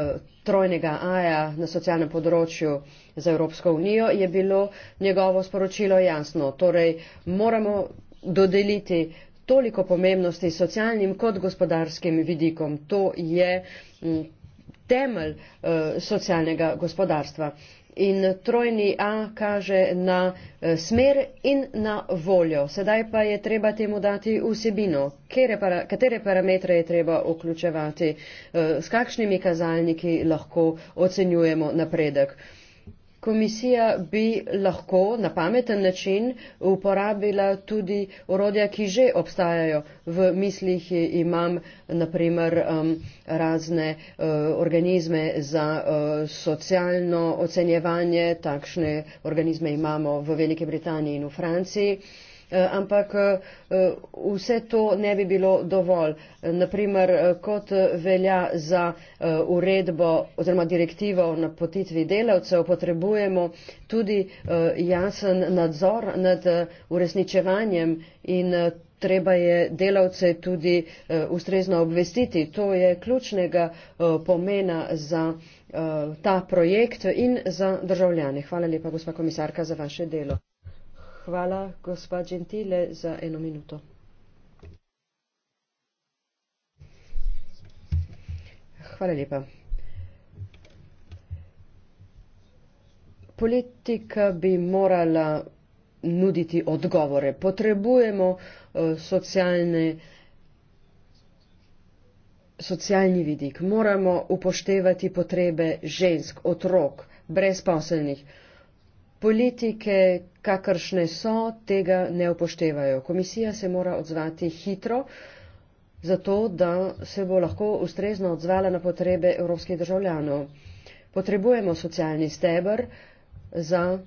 trojnega aja na socialnem področju za Evropsko unijo, je bilo njegovo sporočilo jasno. Torej, moramo dodeliti toliko pomembnosti socialnim kot gospodarskim vidikom. To je mm, temelj uh, socialnega gospodarstva in trojni A kaže na eh, smer in na voljo. Sedaj pa je treba temu dati vsebino, katere parametre je treba vključevati, eh, s kakšnimi kazalniki lahko ocenjujemo napredek komisija bi lahko na pameten način uporabila tudi urodja, ki že obstajajo. V mislih imam naprimer um, razne uh, organizme za uh, socialno ocenjevanje, takšne organizme imamo v Veliki Britaniji in v Franciji. Uh, Eh, ampak eh, vse to ne bi bilo dovolj. Eh, Naprimer, kot velja za uredbo oziroma direktivo o napotitvi delavcev, potrebujemo tudi jasen nadzor nad uresničevanjem in treba je delavce tudi ustrezno obvestiti. To je ključnega pomena za ta projekt in za državljane. Hvala lepa, gospa komisarka, za vaše delo. Hvala, gospa Gentile, za eno minuto. Hvala lepa. Politika bi morala nuditi odgovore. Potrebujemo eh, socialne, socialni vidik. Moramo upoštevati potrebe žensk, otrok, brezposelnih. Politike, kakršne so, tega ne upoštevajo. Komisija se mora odzvati hitro, zato da se bo lahko ustrezno odzvala na potrebe evropskih državljanov. Potrebujemo socialni stebr za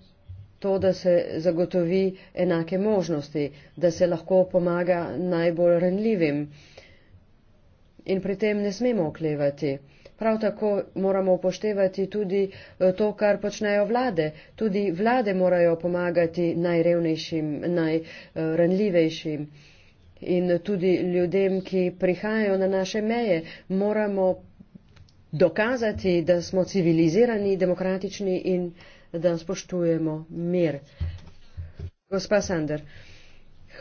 to, da se zagotovi enake možnosti, da se lahko pomaga najbolj renljivim. In pri tem ne smemo oklevati. Prav tako moramo upoštevati tudi eh, to, kar počnejo vlade. Tudi vlade morajo pomagati najrevnejšim, najranljivejšim. Eh, in tudi ljudem, ki prihajajo na naše meje, moramo dokazati, da smo civilizirani, demokratični in da spoštujemo mir. Gospa Sander.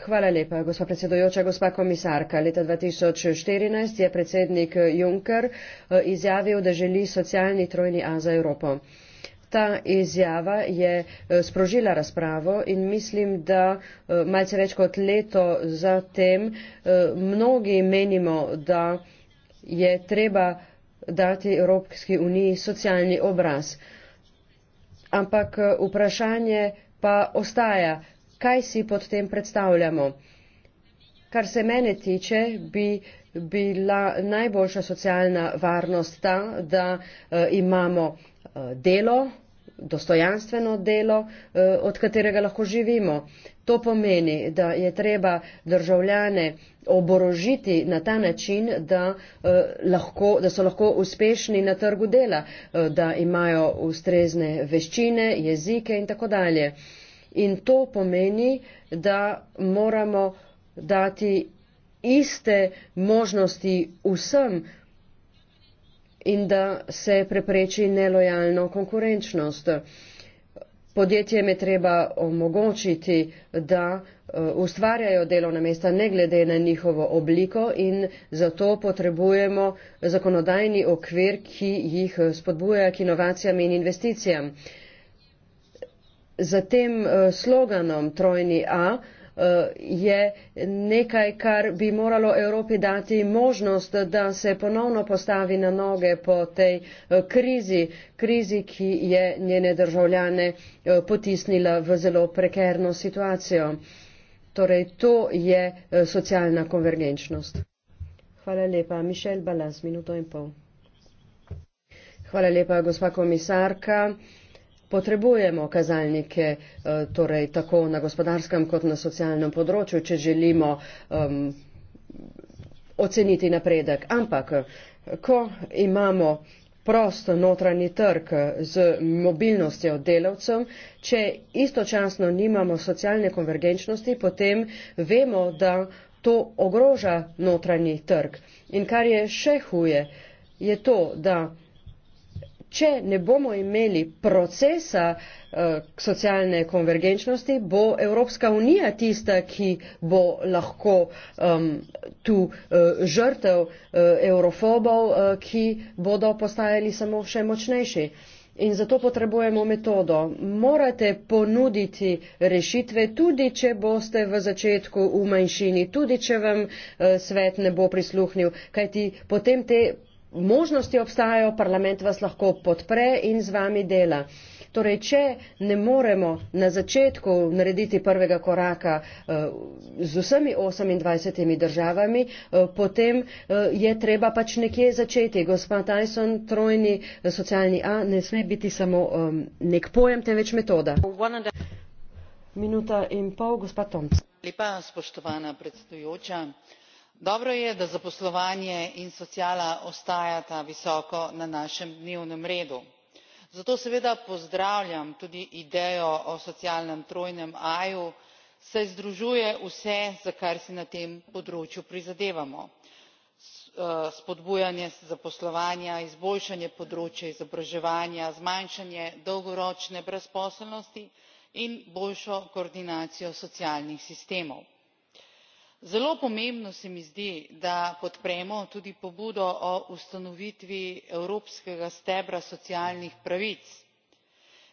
Hvala lepa, gospa predsedojoča, gospa komisarka. Leta 2014 je predsednik Juncker eh, izjavil, da želi socialni trojni A za Evropo. Ta izjava je eh, sprožila razpravo in mislim, da eh, malce več kot leto zatem mnogi menimo, da je treba dati Evropski uniji socialni obraz. Ampak vprašanje pa ostaja, kaj si pod tem predstavljamo. Kar se mene tiče, bi bila najboljša socialna varnost ta, da uh, imamo uh, delo, dostojanstveno delo, uh, od katerega lahko živimo. To pomeni, da je treba državljane oborožiti na ta način, da, uh, lahko, da so lahko uspešni na trgu dela, uh, da imajo ustrezne veščine, jezike in tako dalje. Uh, in to pomeni, da moramo dati iste možnosti vsem in da se prepreči nelojalno konkurenčnost. Podjetjem je treba omogočiti, da eh, ustvarjajo delovna mesta ne glede na njihovo obliko in zato potrebujemo zakonodajni okvir, ki jih eh, spodbuja k inovacijam in investicijam. Uh, za tem eh, sloganom Trojni A eh, je nekaj, kar bi moralo Evropi dati možnost, da se ponovno postavi na noge po tej eh, krizi, krizi, ki je njene državljane potisnila v zelo prekerno situacijo. Torej, to je socialna konvergenčnost. Hvala lepa. Mišel Balas, minuto in pol. Hvala lepa, gospa komisarka. Potrebujemo kazalnike, eh, torej tako na gospodarskem kot na socialnem področju, če želimo um, oceniti napredek. Ampak, ko imamo prost notranji trg z mobilnostjo delavcev, če istočasno nimamo socialne konvergenčnosti, potem vemo, da to ogroža notranji trg. In kar je še huje, je to, da če ne bomo imeli procesa uh, socialne konvergenčnosti, bo Evropska unija tista, ki bo lahko um, tu uh, žrtev uh, eurofobov, uh, ki bodo postajali samo še močnejši. In zato potrebujemo metodo. Morate ponuditi rešitve, tudi če boste v začetku v manjšini, tudi če vam svet ne bo prisluhnil, kajti potem te možnosti obstajajo, parlament vas lahko podpre in z vami dela. Torej, če ne moremo na začetku narediti prvega koraka eh, z vsemi 28 državami, eh, potem eh, je treba pač nekje začeti. Gospa Tyson, trojni socialni A ne sme biti samo ehm, nek pojem, temveč metoda. Minuta in pol, gospa Tomc. Lepa, spoštovana predstojoča dobro je da zaposlovanje in sociala ostajata visoko na našem dnevnem redu zato seveda pozdravljam tudi idejo o socialnem trojnem a-ju saj združuje vse za kar si na tem področju prizadevamo eh, spodbujanje zaposlovanja izboljšanje področja izobraževanja zmanjšanje dolgoročne brezposelnosti in boljšo koordinacijo socialnih sistemov zelo pomembno se mi zdi da podpremo tudi pobudo o ustanovitvi evropskega stebra socialnih pravic.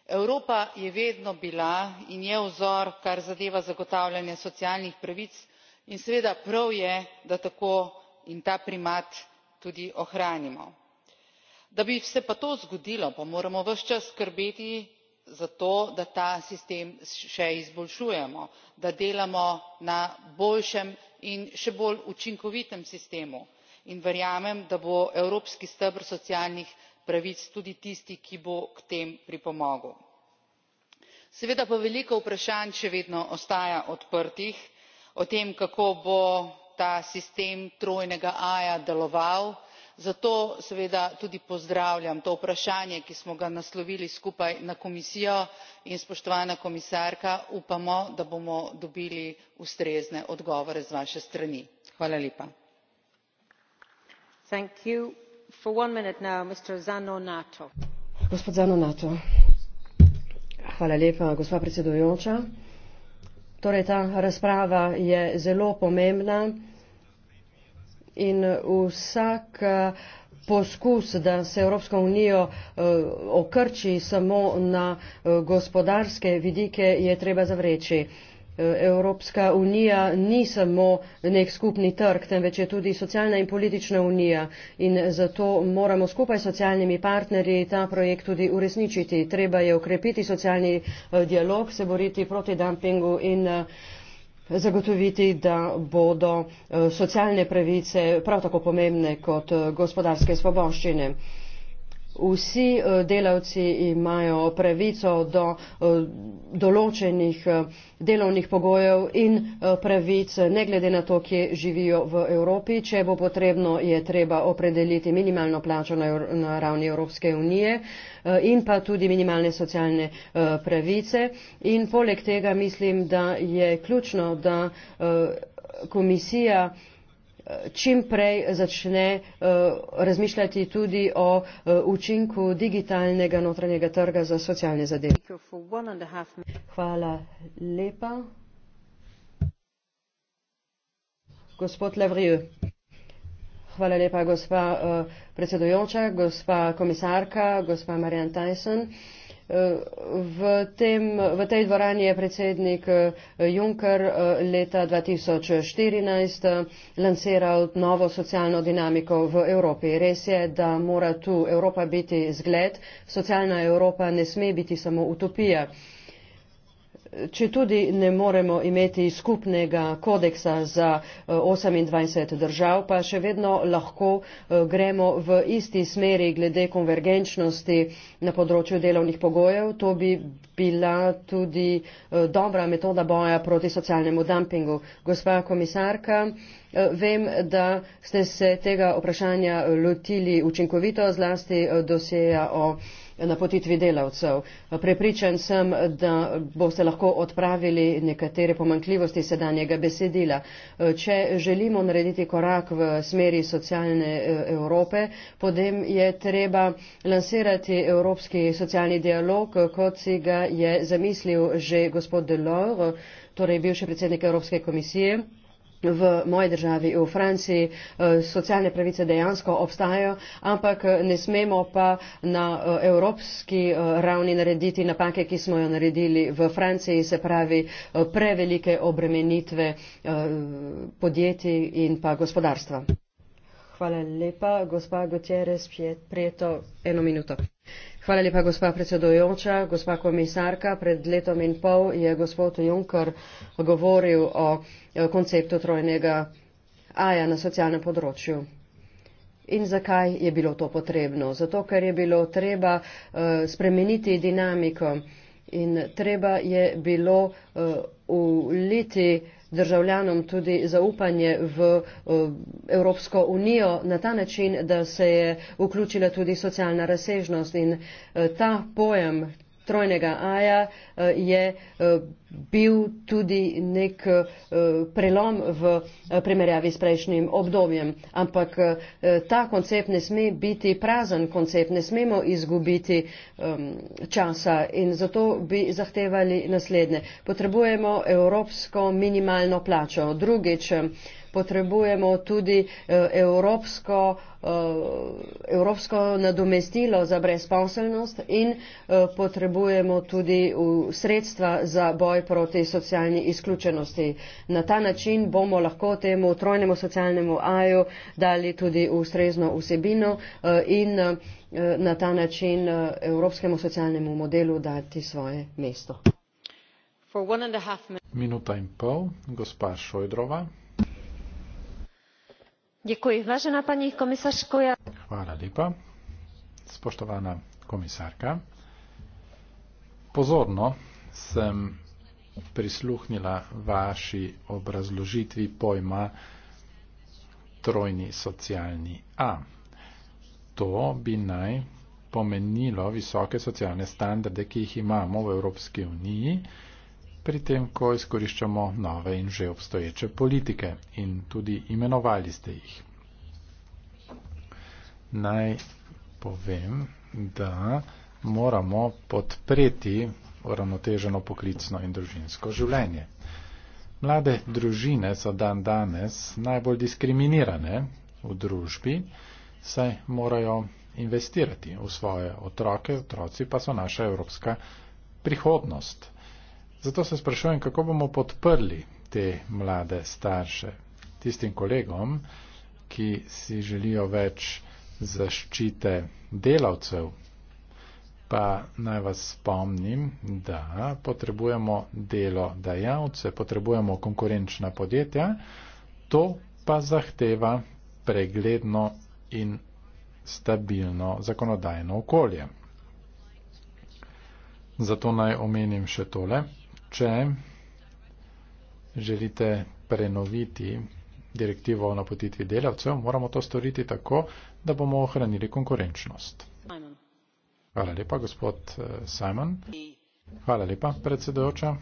evropa je vedno bila in je vzor kar zadeva zagotavljanje socialnih pravic in seveda prav je da tako in ta primat tudi ohranimo. da bi se pa to zgodilo pa moramo ves čas skrbeti zato da ta sistem še izboljšujemo da delamo na boljšem in še bolj učinkovitem sistemu in verjamem da bo evropski steber socialnih pravic tudi tisti ki bo k tem pripomogel. seveda pa veliko vprašanj še vedno ostaja odprtih o tem kako bo ta sistem trojnega a ja deloval zato seveda tudi pozdravljam to vprašanje ki smo ga naslovili skupaj na komisijo in spoštovana komisarka upamo da bomo dobili ustrezne odgovore z vaše strani. hvala lepa. gospa predsedujoča torej ta razprava je zelo pomembna in vsak eh, poskus, da se Evropska unija eh, okrči samo na eh, gospodarske vidike, je treba zavreči. Evropska unija ni samo nek skupni trg, temveč je tudi socialna in politična unija in zato moramo skupaj s socialnimi partnerji ta projekt tudi uresničiti. Treba je okrepiti socialni dialog, se boriti proti dumpingu in uh, zagotoviti, da bodo eh, socialne pravice prav tako pomembne kot eh, gospodarske svoboščine vsi eh, delavci imajo pravico do eh, določenih eh, delovnih pogojev in pravic, ne glede na to, kje živijo v Evropi. Če bo potrebno, je treba opredeliti minimalno plačo na ravni Evropske unije in pa tudi minimalne socialne pravice. In poleg tega mislim, da je ključno, da komisija čim prej začne eh, razmišljati tudi o eh, učinku digitalnega notranjega trga za socialne zadeve. Hvala lepa. Gospod Levriu. Hvala lepa, gospa uh, predsedujoča, gospa komisarka, gospa Marian Tyson. Uh, V, tem, v tej dvorani je predsednik eh, Juncker eh, leta 2014 eh, lanceral novo socialno dinamiko v Evropi. Res je, da mora tu Evropa biti zgled. Socialna Evropa ne sme biti samo utopija četudi ne moremo imeti skupnega kodeksa za eh, osemindvajset držav pa še vedno lahko eh, gremo v isti smeri glede konvergenčnosti na področju delovnih pogojev to bi bila tudi eh, dobra metoda boja proti socialnemu dumpingu. Gospa komisarka, vem, da ste se tega vprašanja lotili učinkovito zlasti dosjeja o napotitvi delavcev. Prepričan sem, da boste lahko odpravili nekatere pomankljivosti sedanjega besedila. Če želimo narediti korak v smeri socialne eh, Evrope, potem je treba lansirati evropski socialni dialog, kot si ga je zamislil že gospod Delors, torej bivši predsednik Evropske komisije v moji državi, v Franciji, eh, socialne pravice dejansko obstajajo, ampak eh, ne smemo pa na eh, evropski ravni narediti napake, ki smo jo naredili v Franciji, se pravi prevelike obremenitve podjetij in pa gospodarstva. Hvala lepa, gospa Gutierrez, prijeto eno minuto pred letom in pol je gospod juncker govoril o konceptu trojnega aja na socialnem področju. In zakaj je bilo to potrebno? Zato, ker je bilo treba uh, spremeniti dinamiko in treba je bilo uh, uliti uh, državljanom tudi zaupanje v eh, Evropsko unijo na ta način, da se je vključila tudi socialna razsežnost in eh, ta pojem, trojnega aja eh, je eh, bil tudi nek eh, prelom v primerjavi s prejšnjim obdobjem. Ampak ta koncept ne sme biti prazen koncept, ne smemo izgubiti ehm, časa in zato bi zahtevali naslednje. Potrebujemo evropsko minimalno plačo. Drugič, potrebujemo tudi eh, evropsko, eh, evropsko nadomestilo za brezposelnost in eh, potrebujemo tudi sredstva za boj proti socialni izključenosti. Na ta način bomo lahko temu trojnemu socialnemu aju dali tudi ustrezno vsebino in na ta način evropskemu socialnemu modelu dati svoje mesto. Minuta in pol, gospa Šojdrova vážená pani komisařko spoštovaná komisárka pozorno sem prisluhnila vaši obrazložitvi pojma trojni socialni a to bi naj pomenilo visoke socialne standarde ki jih imamo v evropski uniji pri tem, ko izkoriščamo nove in že obstoječe politike in tudi imenovali ste jih. Naj povem, da moramo podpreti uravnoteženo poklicno in družinsko življenje. Mlade družine so dan danes najbolj diskriminirane v družbi, saj morajo investirati v svoje otroke, otroci pa so naša evropska prihodnost. Zato se sprašujem, kako bomo podprli te mlade starše, tistim kolegom, ki si želijo več zaščite delavcev. Pa naj vas spomnim, da potrebujemo delo dajalce, potrebujemo konkurenčna podjetja, to pa zahteva pregledno in stabilno zakonodajno okolje. Zato naj omenim še tole če želite prenoviti direktivo o napotitvi delavcev, moramo to storiti tako, da bomo ohranili konkurenčnost. Hvala lepa, gospod eh, Simon. Hvala lepa, predsedojoča.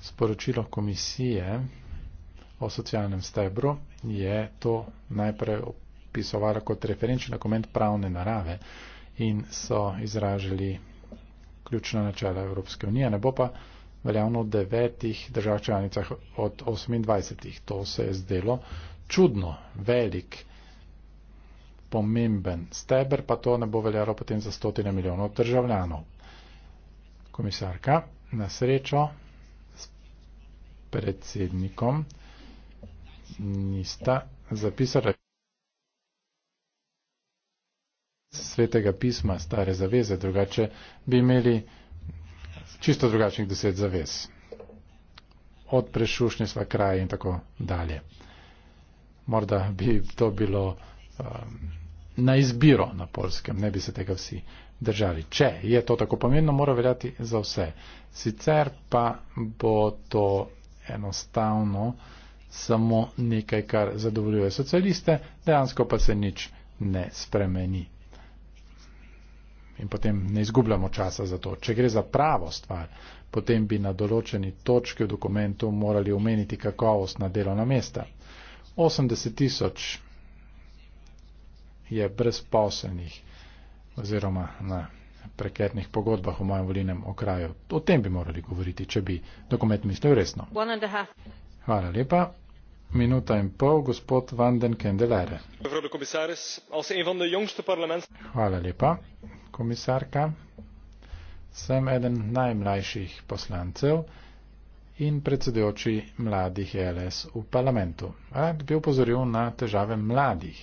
Sporočilo komisije o socialnem stebru je to najprej opisovala kot referenčni dokument pravne narave in so izražali ključna načela Evropske unije, ne bo pa veljavno v devetih držav članicah od 28. To se je zdelo čudno, velik, pomemben steber, pa to ne bo veljalo potem za stotine milijonov državljanov. Komisarka, na srečo s predsednikom nista zapisala svetega pisma, stare zaveze, drugače bi imeli čisto drugačnih deset zavez. Od prešušnje sva kraje in tako dalje. Morda bi to bilo um, na izbiro na polskem, ne bi se tega vsi držali. Če je to tako pomembno, mora veljati za vse. Sicer pa bo to enostavno samo nekaj, kar zadovoljuje socialiste, dejansko pa se nič ne spremeni in potem ne izgubljamo časa za to. Če gre za pravo stvar, potem bi na določeni točki v dokumentu morali omeniti kakovost na delovna mesta. 80 tisoč je brezposelnih oziroma na prekernih pogodbah v mojem volilnem okraju. O tem bi morali govoriti, če bi dokument mislil resno. Hvala lepa minuta in pol gospod van den Kendelare. Mevrouw de commissaris, als een van de jongste parlementen. Hvala lepa, komisarka. Sem eden najmlajših poslancev in predsedujoči mladih LS v parlamentu. Rad bi upozoril na težave mladih.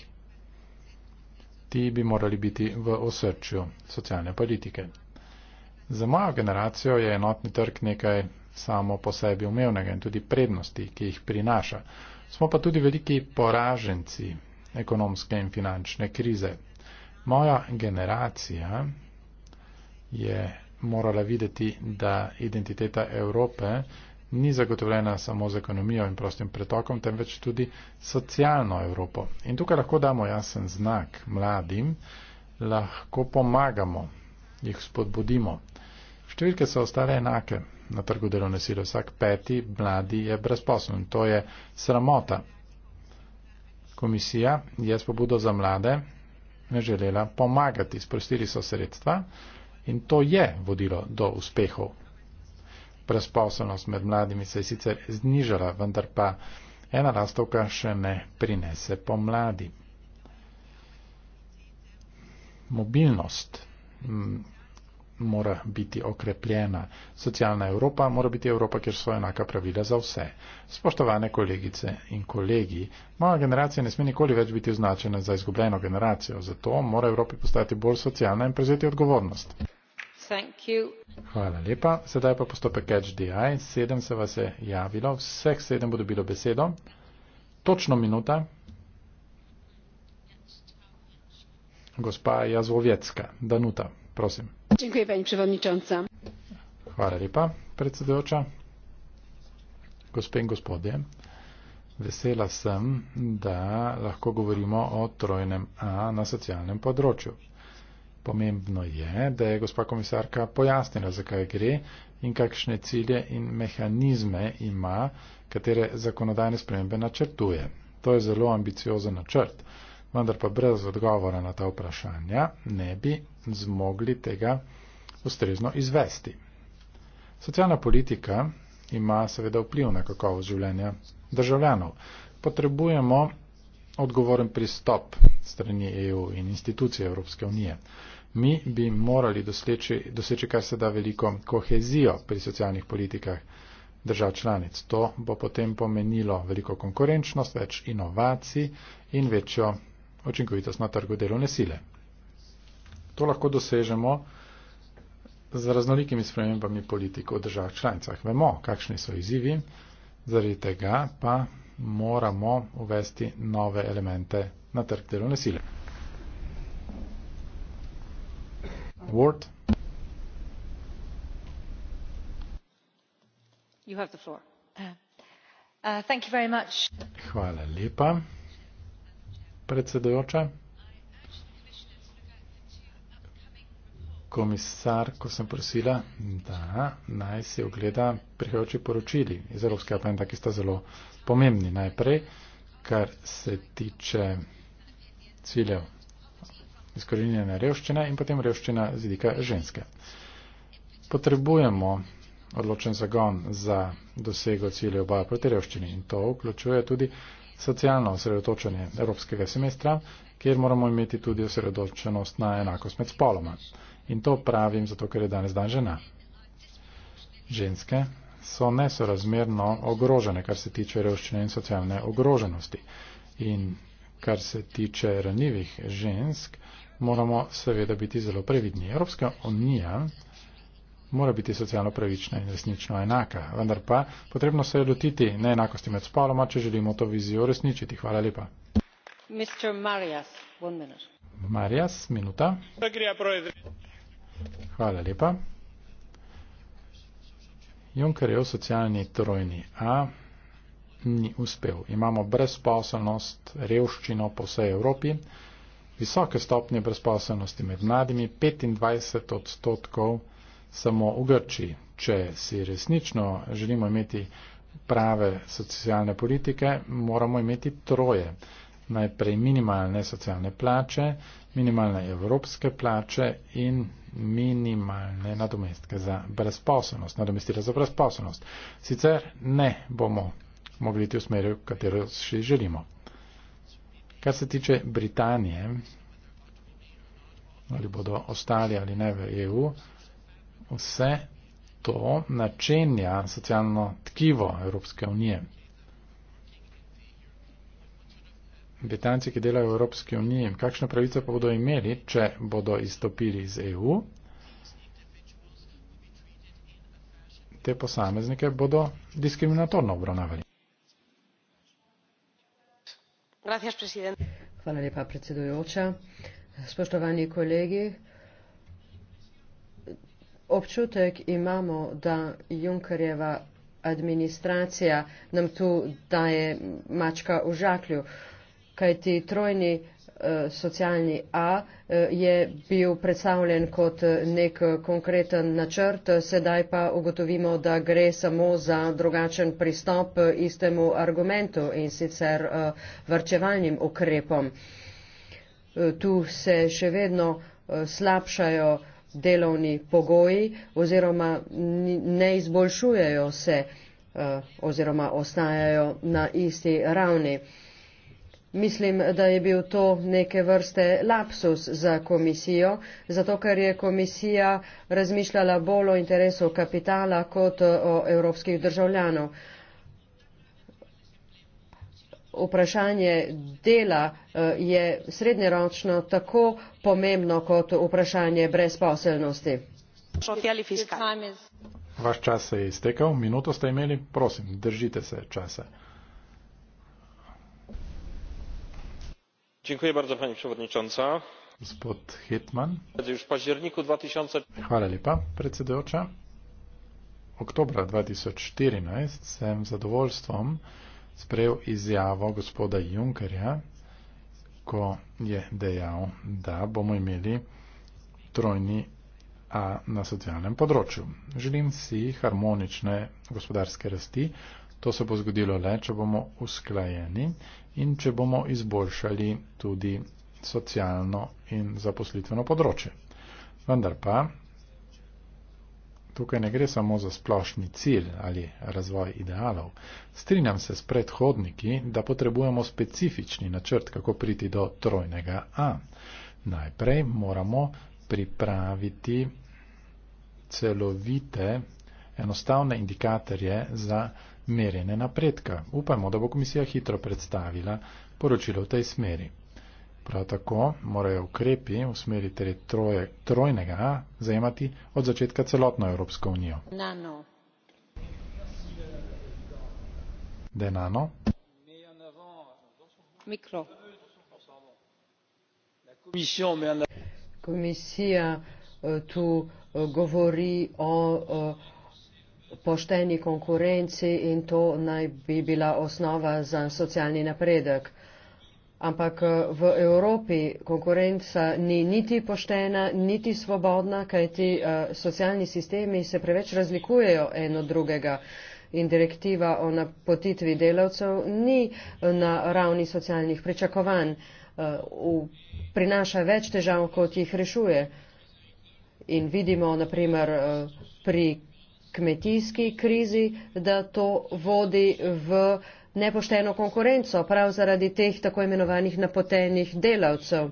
Ti bi morali biti v osrčju socialne politike. Za mojo generacijo je enotni trg nekaj samo po sebi umevnega in tudi prednosti, ki jih prinaša. Smo pa tudi veliki poraženci ekonomske in finančne krize. Moja generacija je morala videti, da identiteta Evrope ni zagotovljena samo z ekonomijo in prostim pretokom, temveč tudi socialno Evropo. In tukaj lahko damo jasen znak mladim, lahko pomagamo, jih spodbudimo. Številke so ostale enake, na trgu delovne sile. Vsak peti mladi je brezposlen. To je sramota. Komisija je s pobudo za mlade ne želela pomagati. Sprostili so sredstva in to je vodilo do uspehov. Brezposlenost med mladimi se je sicer znižala, vendar pa ena lastovka še ne prinese pomladi. Mobilnost mora biti okrepljena. Socialna Evropa mora biti Evropa, kjer so enaka pravila za vse. Spoštovane kolegice in kolegi, moja generacija ne sme nikoli več biti označena za izgubljeno generacijo, zato mora Evropi postati bolj socialna in prevzeti odgovornost. Hvala lepa. Sedaj pa postopek HDI. Sedem se vas je javilo. Vseh sedem bo dobilo besedo. Točno minuta. Gospa Jazvovjetska, Danuta, prosim. Dziękuję pani przewodnicząca. Hvala lepa, predsedujoča. Gospe in gospodje, vesela sem, da lahko govorimo o trojnem A na socialnem področju. Pomembno je, da je gospa komisarka pojasnila, zakaj gre in kakšne cilje in mehanizme ima, katere zakonodajne spremembe načrtuje. To je zelo ambiciozen načrt, vendar pa brez odgovora na ta vprašanja ne bi zmogli tega ustrezno izvesti. Socialna politika ima seveda vpliv na kakovost življenja državljanov. Potrebujemo odgovoren pristop strani EU in institucije Evropske unije. Mi bi morali doseči, doseči kar se da veliko kohezijo pri socialnih politikah držav članic. To bo potem pomenilo veliko konkurenčnost, več inovacij in večjo učinkovitost na trgu delovne sile. To lahko dosežemo z raznolikimi spremembami politik v državah članicah. Vemo, kakšni so izzivi, zaradi tega pa moramo uvesti nove elemente na trg delovne sile. Word. You have the floor. Uh, thank you very much. Hvala lepa, predsedujoča. komisarko sem prosila, da naj si ogleda prihajajoče poročili iz Evropskega parlamenta, ki sta zelo pomembni. Najprej, kar se tiče ciljev izkorenjene revščine in potem revščina z vidika ženske. Potrebujemo odločen zagon za dosego ciljev boja proti revščini in to vključuje tudi socialno osredotočenje Evropskega semestra, kjer moramo imeti tudi osredotočenost na enakost med spoloma. In to pravim zato, ker je danes dan žena. Ženske so nesorazmerno ogrožene, kar se tiče revščine in socialne ogroženosti. In kar se tiče ranjivih žensk, moramo seveda biti zelo previdni. Evropska unija mora biti socialno pravična in resnično enaka. Vendar pa potrebno se je lotiti neenakosti med spoloma, če želimo to vizijo uresničiti. Hvala lepa. Marias, minuta. Hvala lepa. Junkerjev socialni trojni A ni uspel. Imamo brezposelnost, revščino po vsej Evropi, visoke stopnje brezposelnosti med mladimi, 25 odstotkov samo v Grčiji. Če si resnično želimo imeti prave socialne politike, moramo imeti troje. Najprej minimalne socialne plače, minimalne evropske plače in minimalne nadomestke za brezposobnost, nadomestila za brezposobnost. Sicer ne bomo mogli iti v smer, v katero še želimo. Kar se tiče Britanije, ali bodo ostali ali ne v EU, vse to načenja socialno tkivo Evropske unije. Britanci, ki delajo v Evropski uniji, kakšno pravico pa bodo imeli, če bodo izstopili iz EU? Te posameznike bodo diskriminatorno obravnavali. Hvala lepa, predsedujoča. Spoštovani kolegi, občutek imamo, da Junkerjeva administracija nam tu daje mačka v žaklju kajti trojni eh, socialni A eh, je bil predstavljen kot eh, nek konkreten načrt, sedaj pa ugotovimo, da gre samo za drugačen pristop istemu argumentu in sicer vrčevalnim ukrepom. Tu se še vedno slabšajo delovni pogoji oziroma ne izboljšujejo se oziroma ostajajo na isti ravni. Mislim, da je bil to neke vrste lapsus za komisijo, zato ker je komisija razmišljala bolj o interesu kapitala kot o evropskih državljanov. Vprašanje dela eh, je srednjeročno tako pomembno kot vprašanje brezposelnosti. Vaš čas se je iztekel, minuto ste imeli, prosim, držite se časa. pani przewodnicząca! Spod Hetman. Już w październiku 2000. Hvala lepa, predsedujoča. Oktobra 2014 sem zadovoljstvom sprejel izjavo gospoda Junkerja, ko je dejal, da bomo imeli trojni A na socialnem področju. Želim si harmonične gospodarske rasti. To se bo zgodilo le, če bomo usklajeni in če bomo izboljšali tudi socialno in zaposlitveno področje. Vendar pa tukaj ne gre samo za splošni cilj ali razvoj idealov. Strinjam se s predhodniki, da potrebujemo specifični načrt, kako priti do trojnega A. Najprej moramo pripraviti celovite, enostavne indikatorje za merjene napredka. Upajmo, da bo komisija hitro predstavila poročilo v tej smeri. Prav tako morajo ukrepi v smeri torej troje, trojnega zajemati od začetka celotno Evropsko unijo. Nano. Denano. Mikro. Komisija eh, tu eh, govori o. o eh, pošteni konkurenci in to naj bi bila osnova za socialni napredek. Ampak eh, v Evropi konkurenca ni niti poštena, niti svobodna, kajti eh, socialni sistemi se preveč razlikujejo en od drugega. In direktiva o napotitvi delavcev ni eh, na ravni socialnih pričakovanj, prinaša več težav, kot jih rešuje. In vidimo, naprimer, pri kmetijski krizi, da to vodi v nepošteno konkurenco, prav zaradi teh tako imenovanih napotenih delavcev.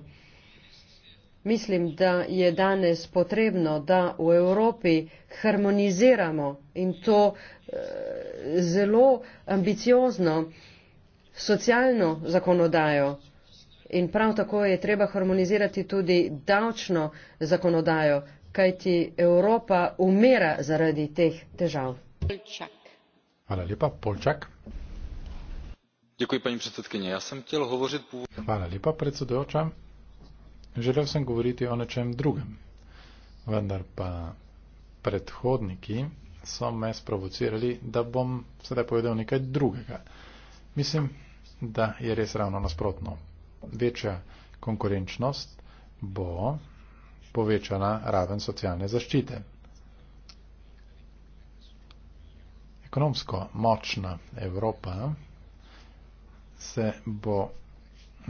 Mislim, da je danes potrebno, da v Evropi harmoniziramo in to e, zelo ambiciozno socialno zakonodajo. In prav tako je treba harmonizirati tudi davčno zakonodajo, kajti Evropa umira zaradi teh težav. Polčak. Hvala lepa, Polčak. Děkuji, paní předsedkyně. Já jsem chtěl hovořit původně. Hvala lepa, predsedujoča. Želel jsem govoriti o něčem drugem. Vendar pa predhodniki so me sprovocirali, da bom sedaj povedal nekaj drugega. Mislim, da je res ravno nasprotno. Večja konkurenčnost bo povečana raven socialne zaščite. Ekonomsko močna Evropa se bo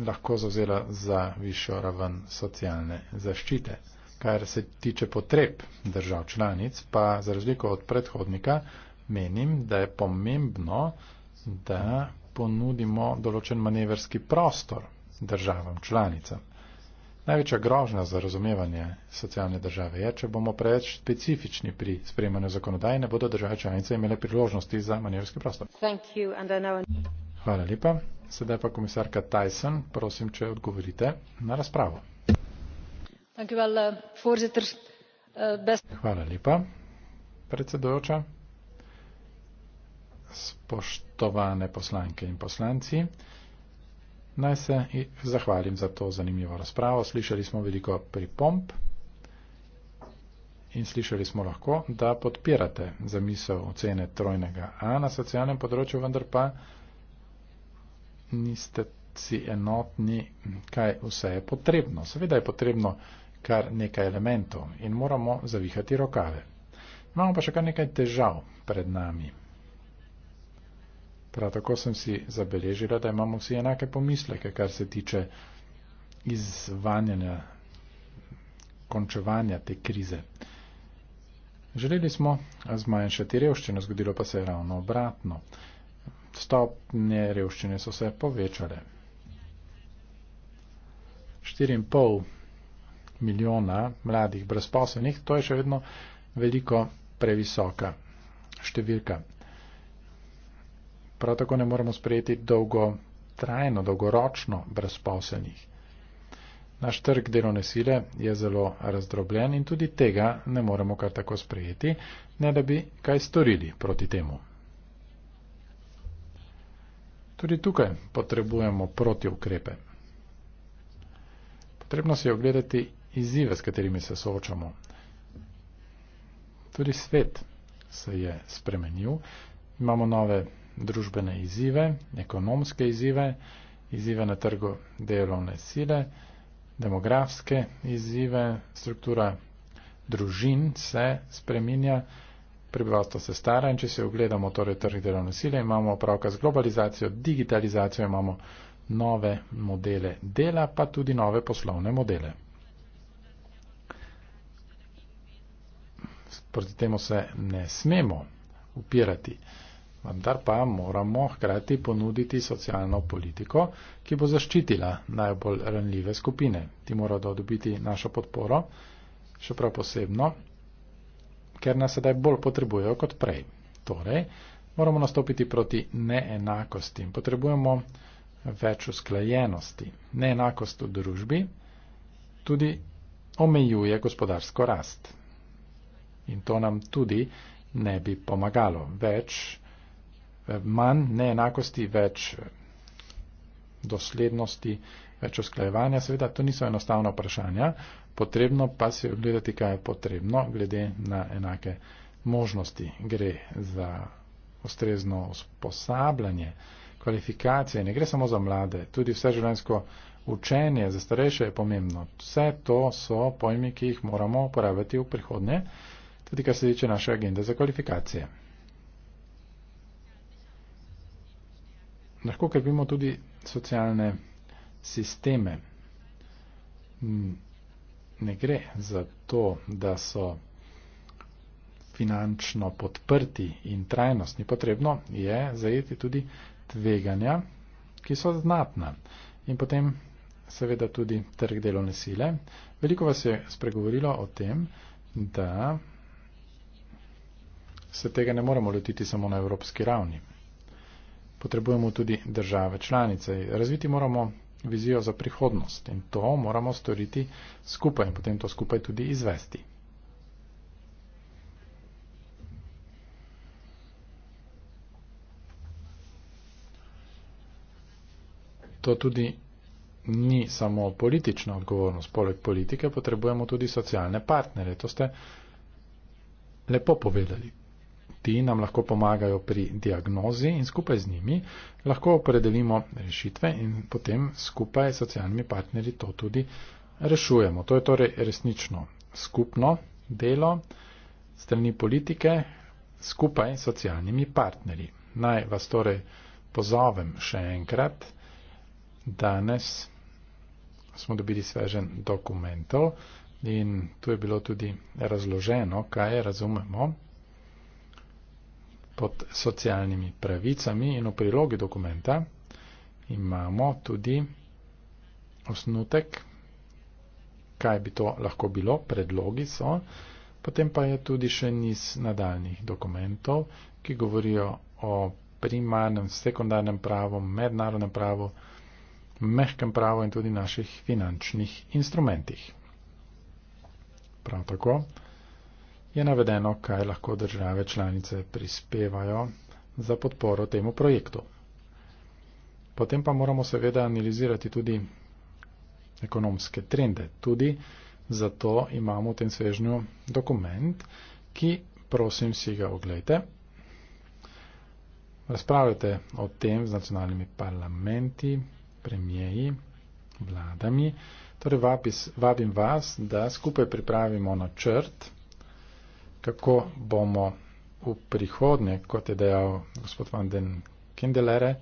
lahko zauzela za višjo raven socialne zaščite. Kar se tiče potreb držav članic, pa za razliko od predhodnika menim, da je pomembno, da ponudimo določen manevrski prostor državam članicam. Največja grožnja za razumevanje socialne države je, če bomo preveč specifični pri sprejemanju zakonodaje, ne bodo države članice imele priložnosti za manjerski prostor. You, Hvala lepa. Sedaj pa komisarka Tyson, prosim, če odgovorite na razpravo. You, well, uh, Hvala lepa, predsedujoča. Spoštovane poslanke in poslanci. Naj se zahvalim za to zanimivo razpravo. Slišali smo veliko pripomp in slišali smo lahko, da podpirate zamisel ocene trojnega A na socialnem področju, vendar pa niste si enotni, kaj vse je potrebno. Seveda je potrebno kar nekaj elementov in moramo zavihati rokave. Imamo pa še kar nekaj težav pred nami. Prav tako sem si zabeležila, da imamo vsi enake pomisleke, kar se tiče izvanjanja, končevanja te krize. Želeli smo zmanjšati revščino, zgodilo pa se je ravno obratno. Stopnje revščine so se povečale. 4,5 milijona mladih brezposelnih, to je še vedno veliko previsoka številka. Prav tako ne moremo sprejeti dolgo trajno, dolgoročno brezposelnih. Naš trg delovne sile je zelo razdrobljen in tudi tega ne moremo kar tako sprejeti, ne da bi kaj storili proti temu. Tudi tukaj potrebujemo protiukrepe. Potrebno si ogledati izzive, s katerimi se soočamo. Tudi svet se je spremenil, imamo nove družbene izzive, ekonomske izzive, izzive na trgu delovne sile, demografske izzive, struktura družin se spreminja, prebivalstvo se stara in če se ogledamo torej trg delovne sile, imamo opravka z globalizacijo, digitalizacijo, imamo nove modele dela, pa tudi nove poslovne modele. Proti temu se ne smemo upirati vendar pa moramo hkrati ponuditi socialno politiko, ki bo zaščitila najbolj ranljive skupine. Ti morajo dobiti našo podporo, še prav posebno, ker nas sedaj bolj potrebujejo kot prej. Torej, moramo nastopiti proti neenakosti in potrebujemo več usklajenosti. Neenakost v družbi tudi omejuje gospodarsko rast. In to nam tudi ne bi pomagalo. Več manj neenakosti, več doslednosti, več usklajevanja. Seveda, to niso enostavna vprašanja, potrebno pa si ogledati, kaj je potrebno, glede na enake možnosti. Gre za ustrezno usposabljanje, kvalifikacije, ne gre samo za mlade, tudi vse življensko učenje, za starejše je pomembno. Vse to so pojmi, ki jih moramo uporabljati v prihodnje, tudi kar se tiče naše agende za kvalifikacije. lahko krepimo tudi socialne sisteme. Hm, ne gre za to, da so finančno podprti in trajnostni. Potrebno je zajeti tudi tveganja, ki so znatna. In potem seveda tudi trg delovne sile. Veliko vas je spregovorilo o tem, da se tega ne moremo lotiti samo na evropski ravni potrebujemo tudi države članice. Razviti moramo vizijo za prihodnost in to moramo storiti skupaj in potem to skupaj tudi izvesti. To tudi ni samo politična odgovornost. Poleg politike potrebujemo tudi socialne partnere. To ste lepo povedali ti nam lahko pomagajo pri diagnozi in skupaj z njimi lahko opredelimo rešitve in potem skupaj s socialnimi partnerji to tudi rešujemo. To je torej resnično skupno delo strani politike skupaj s socialnimi partnerji. Naj vas torej pozovem še enkrat. Danes smo dobili svežen dokumentov. In tu je bilo tudi razloženo, kaj razumemo pod socialnimi pravicami in v prilogi dokumenta imamo tudi osnutek, kaj bi to lahko bilo, predlogi so, potem pa je tudi še niz nadaljnih dokumentov, ki govorijo o primarnem, sekundarnem pravu, mednarodnem pravu, mehkem pravu in tudi naših finančnih instrumentih. Prav tako je navedeno, kaj lahko države članice prispevajo za podporo temu projektu. Potem pa moramo seveda analizirati tudi ekonomske trende. Tudi zato imamo v tem svežnju dokument, ki, prosim, si ga oglejte. Razpravljate o tem z nacionalnimi parlamenti, premijeji, vladami. Torej vabis, vabim vas, da skupaj pripravimo načrt kako bomo v prihodnje, kot je dejal gospod Van den Kindelere,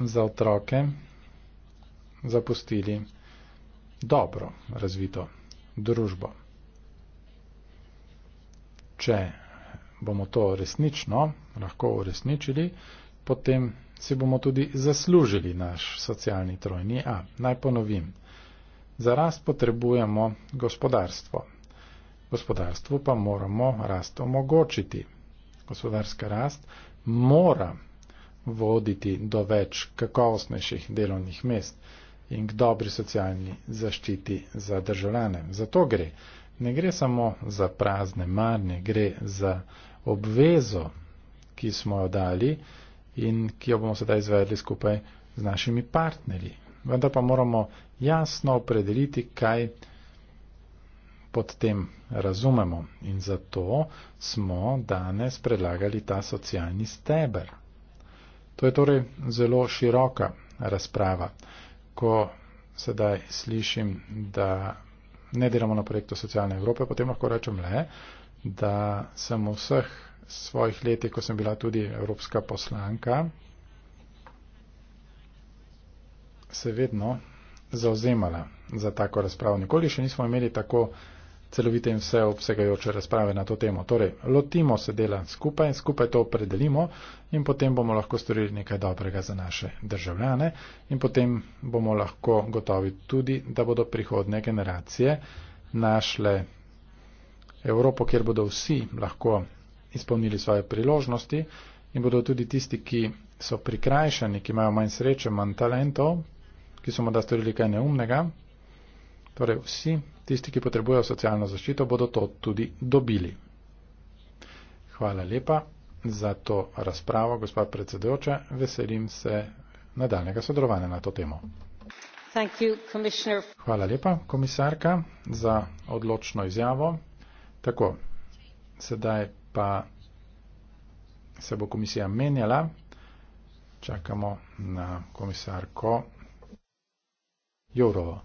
za otroke zapustili dobro razvito družbo. Če bomo to resnično lahko uresničili, potem si bomo tudi zaslužili naš socialni trojni A. Naj ponovim. Za rast potrebujemo gospodarstvo, gospodarstvu pa moramo rast omogočiti. Gospodarska rast mora voditi do več kakovostnejših delovnih mest in k dobri socialni zaščiti za državljane. Zato gre. Ne gre samo za prazne marnje, gre za obvezo, ki smo jo dali in ki jo bomo sedaj izvedli skupaj z našimi partnerji. Vendar pa moramo jasno opredeliti, kaj je pod tem razumemo. In zato smo danes predlagali ta socialni steber. To je torej zelo široka razprava. Ko sedaj slišim, da ne delamo na projektu socialne Evrope, potem lahko rečem le, da sem v vseh svojih letih, ko sem bila tudi evropska poslanka, se vedno zauzemala za tako razpravo. Nikoli še nismo imeli tako celovite in vse obsegajoče razprave na to temo. Torej, lotimo se dela skupaj, skupaj to opredelimo in potem bomo lahko storili nekaj dobrega za naše državljane in potem bomo lahko gotovi tudi, da bodo prihodne generacije našle Evropo, kjer bodo vsi lahko izpolnili svoje priložnosti in bodo tudi tisti, ki so prikrajšani, ki imajo manj sreče, manj talentov, ki so morda storili kaj neumnega, Torej vsi tisti, ki potrebujejo socialno zaščito, bodo to tudi dobili. Hvala lepa za to razpravo, gospod predsedujoča. Veselim se nadaljnega sodelovanja na to temo. Hvala lepa, komisarka, za odločno izjavo. Tako, sedaj pa se bo komisija menjala. Čakamo na komisarko Jourovo.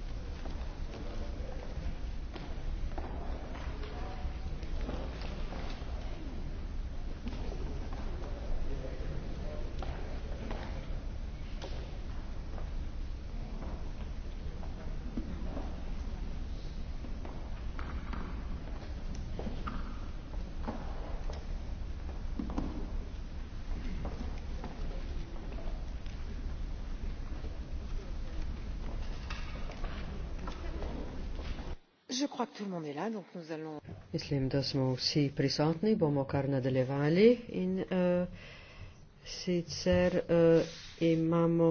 Mislim, da smo vsi prisotni, bomo kar nadaljevali in uh, sicer uh, imamo.